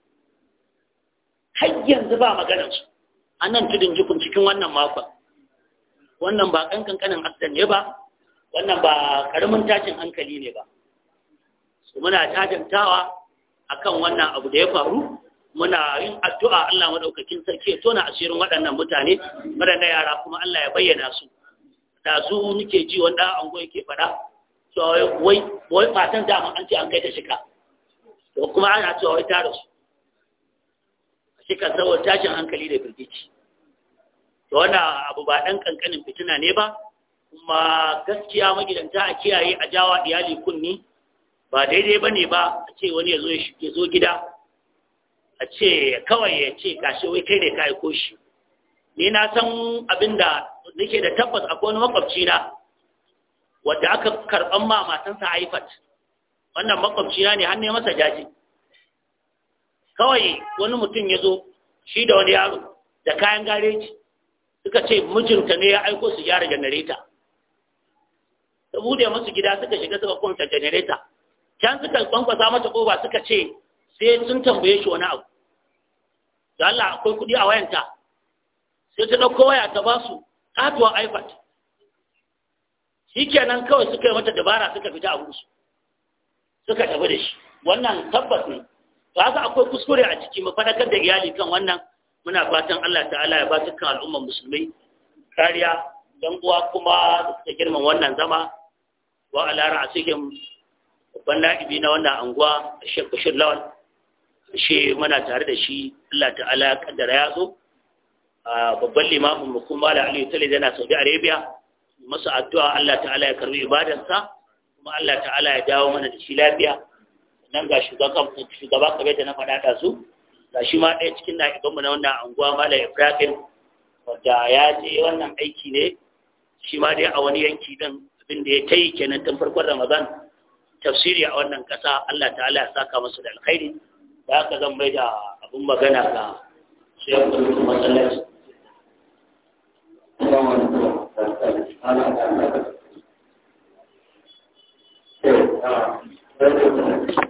har yanzu ba maganar su a nan tudun jikun cikin wannan makon wannan ba ɗan ƙanƙanin aksan ne ba wannan ba karamin tashin hankali ne ba su muna tajantawa kan wannan abu da ya faru muna yin addu'a Allah maɗaukakin sarki ya tona asirin waɗannan mutane waɗannan yara kuma Allah ya bayyana su da su nike ji wanda an goyi ke faɗa. wai fatan da an ce an kai ta shiga. to kuma ana cewa wai su. Kika saboda tashin hankali da firgici to wannan abu ba ɗan kankanin fitina ne ba kuma gaskiya magidanta a kiyaye a jawa iyali kunni ba daidai ba ba a ce wani ya zo gida a ce kawai ya ce gashi wai kai ne ka aiko shi ni na san abin nake da tabbas a wani makwabci na wadda aka karban ma matansa haifat wannan makwabci na ne har ne masa jaji kawai wani mutum ya zo shi da wani yaro da kayan gareji suka ce mijinta ne ya aiko su gyara janareta ta bude masu gida suka shiga suka kwanta janareta can suka kwankwasa mata koba suka ce sai sun tambaye shi wani abu da Allah akwai kuɗi a wayanta sai ta ɗauko waya ta ba su katuwar ipad shikenan kawai suka yi mata dabara suka fita a su, suka tafi da shi wannan tabbas ne ba haka akwai kuskure a ciki mu fadakar da iyali kan wannan muna fatan Allah ta'ala ya ba dukkan al'ummar musulmai kariya dan uwa kuma da girman wannan zama wa ala ra'sihim babban na'ibi na wannan anguwa Sheikh Bashir Lawal shi muna tare da shi Allah ta'ala ya kaddara ya zo babban limamin mu kuma da Aliyu Tale yana Saudi Arabia masa addu'a Allah ta'ala ya karbi ibadarsa kuma Allah ta'ala ya dawo mana da shi lafiya nan ga shugaba kabe da na faɗa da su ga shi ma ɗaya cikin na'ibanmu na wannan anguwa mala ibrahim wanda ya je wannan aiki ne shi ma dai a wani yanki ɗin abin da ya ta yi kenan tun farkon ramadan tafsiri a wannan ƙasa allah ta'ala ya saka masu da alkhairi da haka zan mai da abin magana ga shekul masallaci Thank you.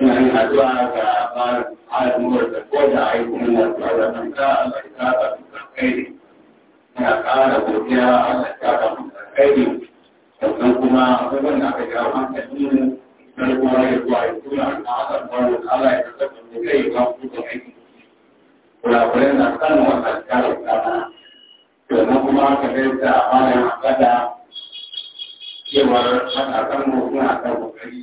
ina yin addu'a ga malam Umar da ko da ai kuma na Allah ya kai ƙara godiya Allah ya kai sannan kuma abubuwan da aka jawo hankali kuma ya zuwa ya na Allah ya kai aiki na kana sannan kuma aka gaita malam akada cewar matakan mu suna kokari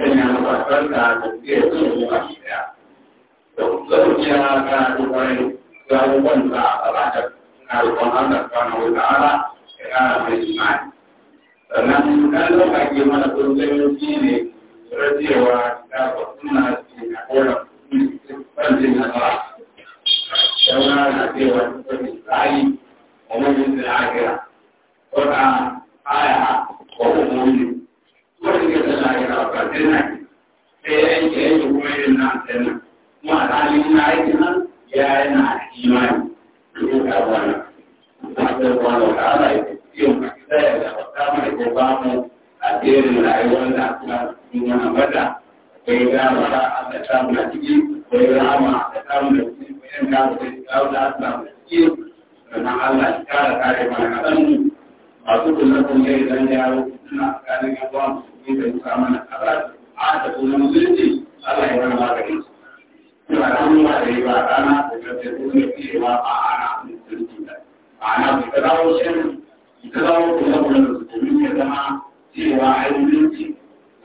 yana gabatar da tafiyar sun zuwa shi daya. Da lokacin ta dubarai abubuwan da a gabatar na roƙon Allah subhanahu wa ta'ala ya ƙara mai imani. Sannan kan lokaci mana kullum shi ne rajewa ta suna cikin akwai kwanjin nasara. Shauna na cewa cikin tsari a wajen da akira. Wata aya ko wata ke da lahira a ƙarfin ya yanke yake kuma irin na sannan kuma a halin na aiki nan ya yana imani domin kawana masu wani ta ala ya fi yin makisa ya da wata mai ko ba mu a jerin rayuwar da Na cikin wani bada akwai gama da aka na ciki akwai rama aka na ciki akwai yan gama da aka na ciki sannan Allah ya kara kare mana mu. masu kula kun yi zan yaro suna tsakanin yan uwa musulmi da musa mana kaza an da kuma musulunci Allah ya wani magani su ba da wani ba da yi ba rana da gaske ko ne cewa a ana musulunci ba ana ku ta dawo shan ku ta dawo ku na kula da musulmi ya zama cewa ai musulunci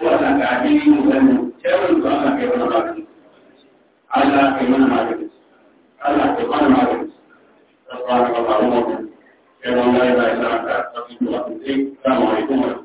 wannan ga addini musulmi sai ba Allah ya wani magani Allah ya wani magani Allah ya wani magani سبحانك اللهم وبحمدك اشهد ان لا اله الا انت استغفرك واتوب اليك السلام عليكم ورحمه الله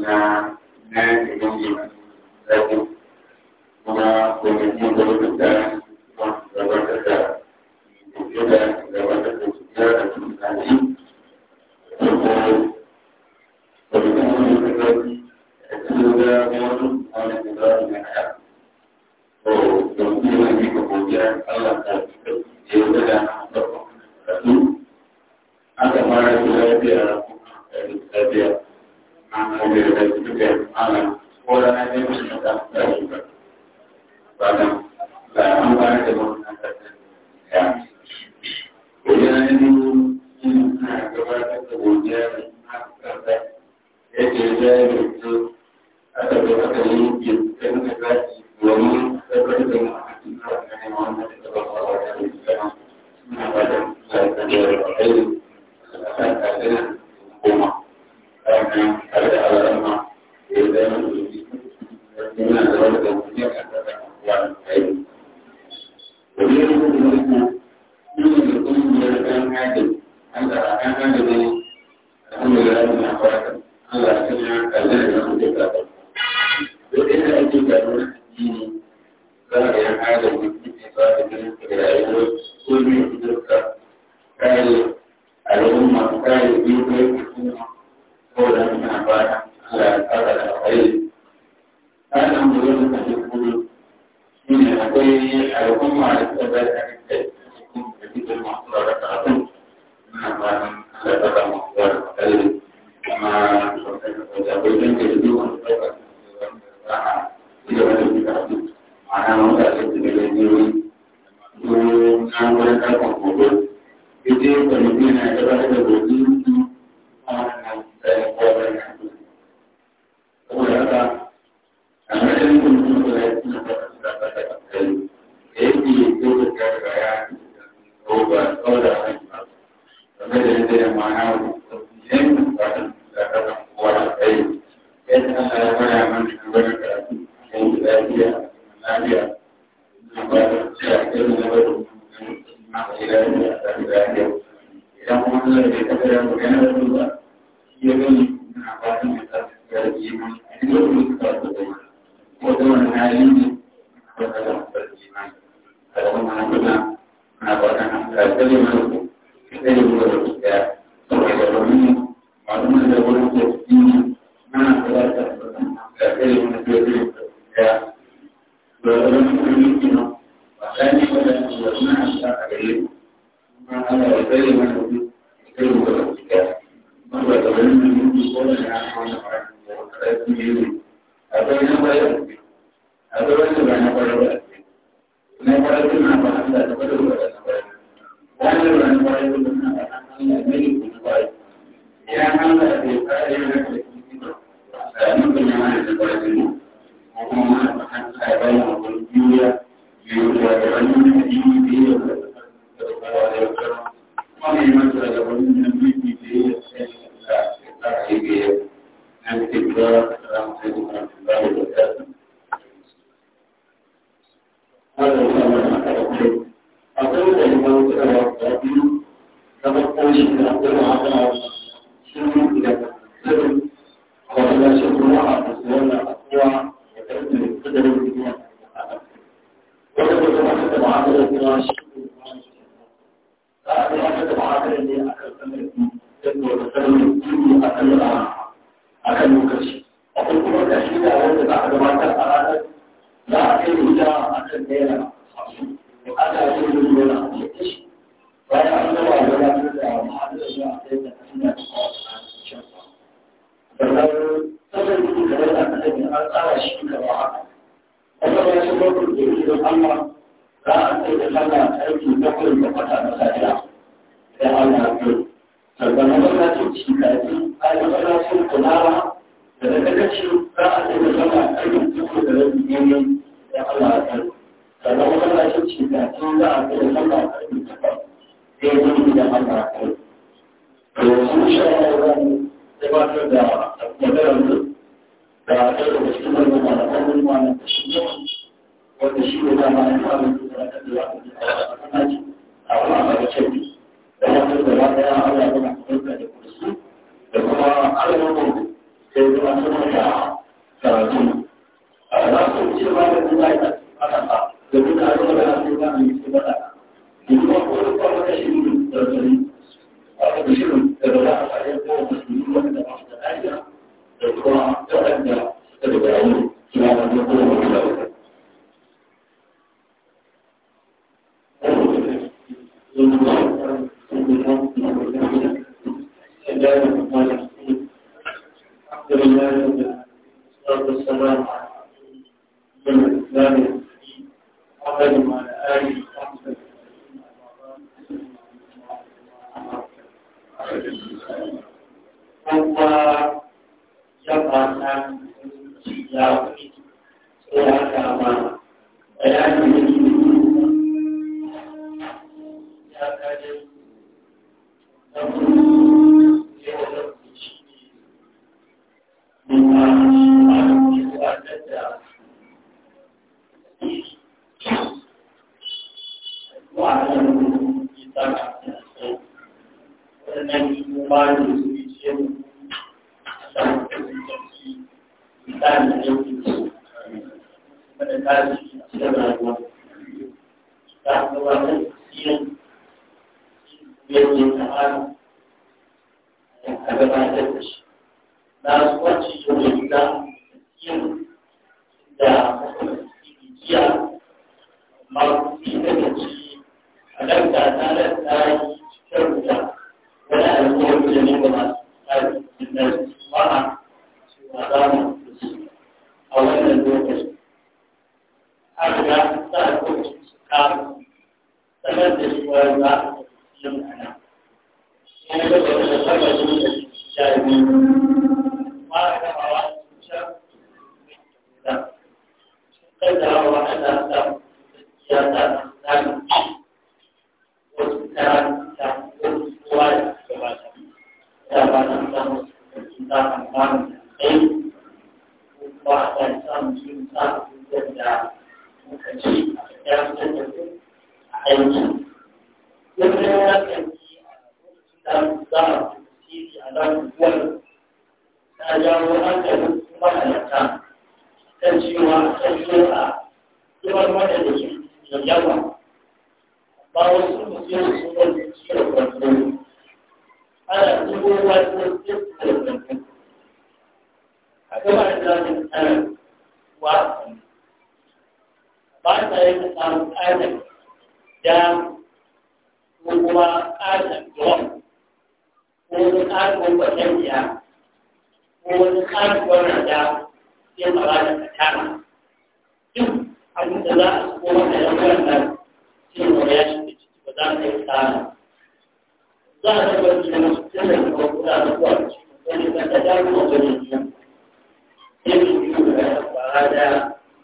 na nine el السلام على سيدنا محمد وعلى آله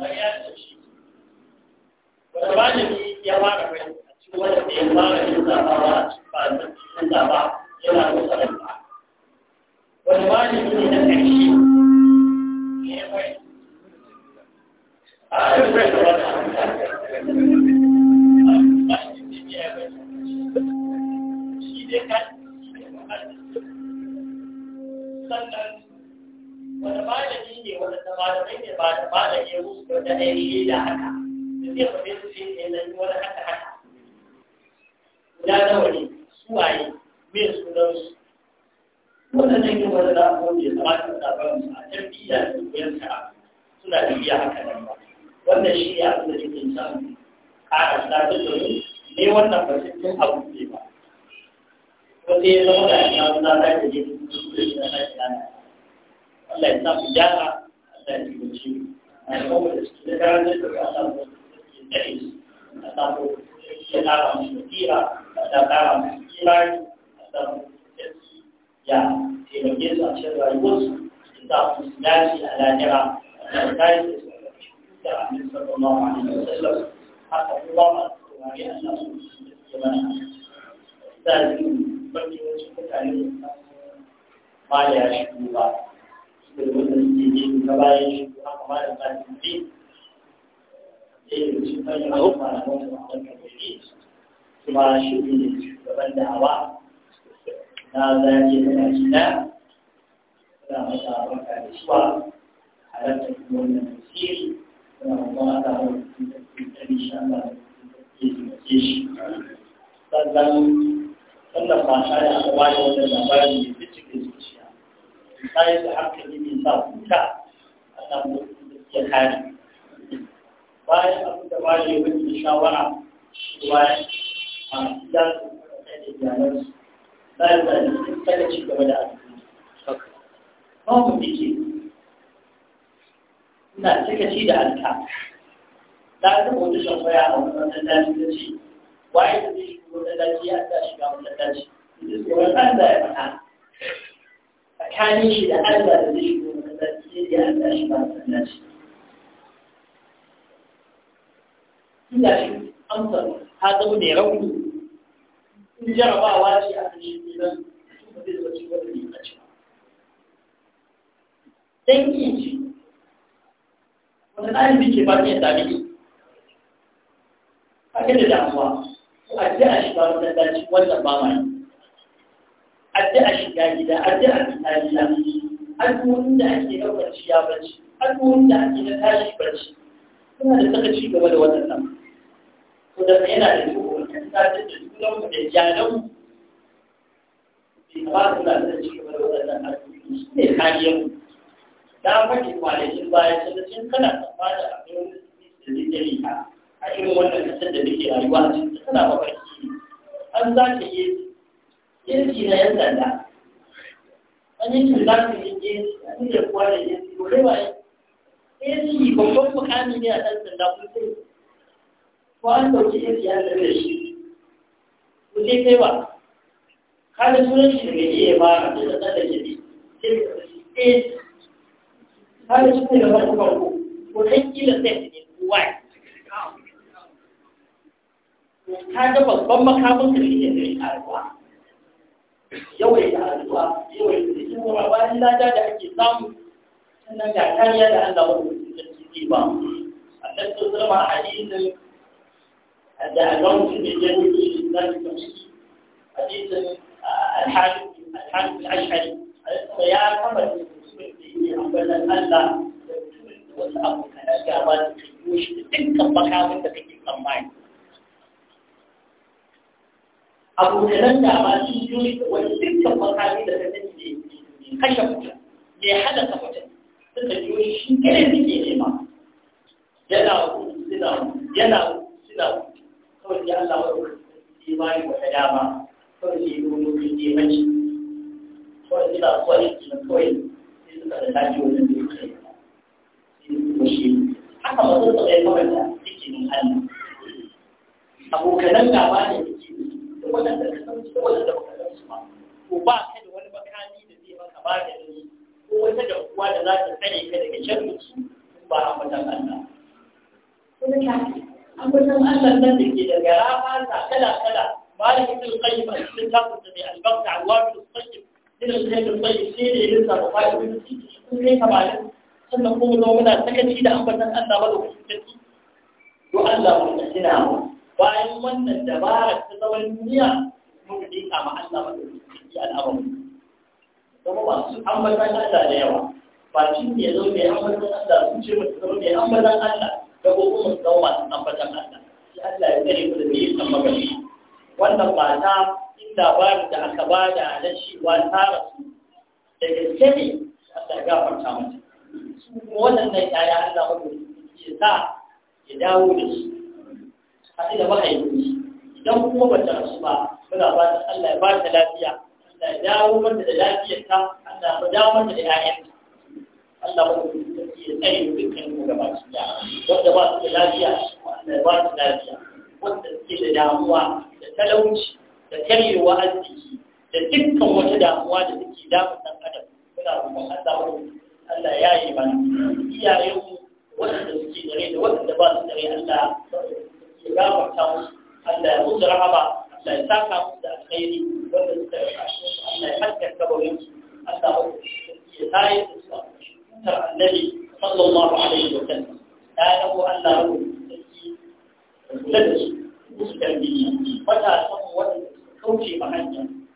我也是，我的妈！你电话怎么？我电话没发了，你咋发了？反正你咋发，你咋发？我的妈！你今天联系，因为啊，就是说的，啊，啊，今天联系，今天开，今天开，等等，我的妈！waɗanda malamai ne ba da malam ya musu da wata ainihi da haka da zai faɗe su shi ne nan wani haka haka guda nawa ne suwaye me sunansu waɗannan yin wani da abubuwan da ya kamata da su a jam'iyya da koyar sa suna tafiya haka nan ba wannan shi ne abin da nake samu ƙara sata domin ne wannan ba cikin abu ne ba wata ya zama da ya zama da ya je da shi na Allah ya sa mu gyara Allah ya taimake mu al'umma da suke da darajar da ko suke da shi Allah ko ya ƙara musu kira Allah ƙara musu kira kalmar da suke yi ta bayan shi kuma kama da zafin ne kuma shi ne shugaban da'awa na zafi da kashi da suna masa baka da suwa halartar kuma wannan tasiri suna kuma a samun tattalin tattalin shi Allah da tattalin shi sannan wannan ba shi da aka ba da wannan labarin bani wata dama kawai sai dokokin jefanci kawai sai ba kawai ke kawai sai suka da tashi wajen da suka yi ko shi haka ba sun tsaye makarta suke nan hannu abokanan gaba ne suke da waɗanda ka san su da waɗanda ba ka san su ba ko ba ka da wani makami da zai maka ba da ni ko wata da kuwa da za ta tsare ka daga sharri su ba a matan Allah. Wani kafin ambatan Allah nan da ke da garama ta kala kala malik ibn qayyim a cikin tafsir mai albarka Allah ibn qayyim din al-qayyim qayyim shi ne yin sa ba ibn qayyim kun ne kamalin sannan kuma zo muna sakaci da ambatan Allah ba da kusanci to Allah mun tsina mu bayan wannan dabara ta tsawon duniya mun dika ma Allah ba da kusanci al'amarin kuma ba su ambatan Allah da yawa ba shi ne zo mai ambatan Allah su ce mutum mai ambatan Allah da ko kuma zama masu ambatan Allah shi Allah ya tsare ku da yin san magana wannan ba ta in labarin da aka bada na cewa ta rasu da gaske ne Allah ya gafarta mata su wannan waɗannan ƴaƴa Allah wanda ya sa ya dawo da su A da mahaifinci idan kuma ba ta rasu ba muna ba ta Allah ya ba ta lafiya Allah ya dawo mata da lafiyarta Allah ya dawo mata da ƴaƴanta Allah ya ya da ba su da lafiya wanda ba su da talauci da da Allah ya gafarta musu Allah ya musu rahama Allah ya saka musu da alkhairi wanda suka yi Allah ya haskaka Allah ya su annabi sallallahu alaihi wa sallam ta yabo Allah da wanda suka kauce ma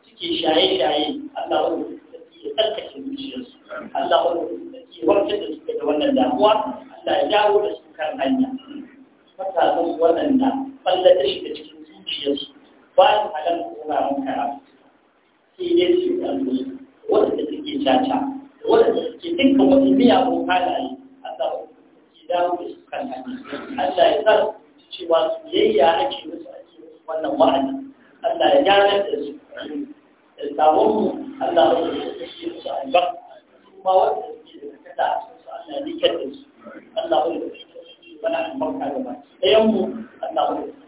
suke shaye-shaye Allah ya rubuta sarki ya zuciyarsu Allah ya da wannan damuwa Allah ya dawo da hanya matasan cikin ba su wuraren karatu sai dai su yi waɗanda suke caca da suke dukkan wasu miyagun halaye dawo da su kan Allah ya san cewa soyayya ake musu ake musu wannan wa'azi Allah ya gane da su da sabon mu Allah ya yi musu albarka kuma wanda suke da kada a su Allah ya nikar da su Allah ya yi musu albarka da baki ɗayan mu Allah ya yi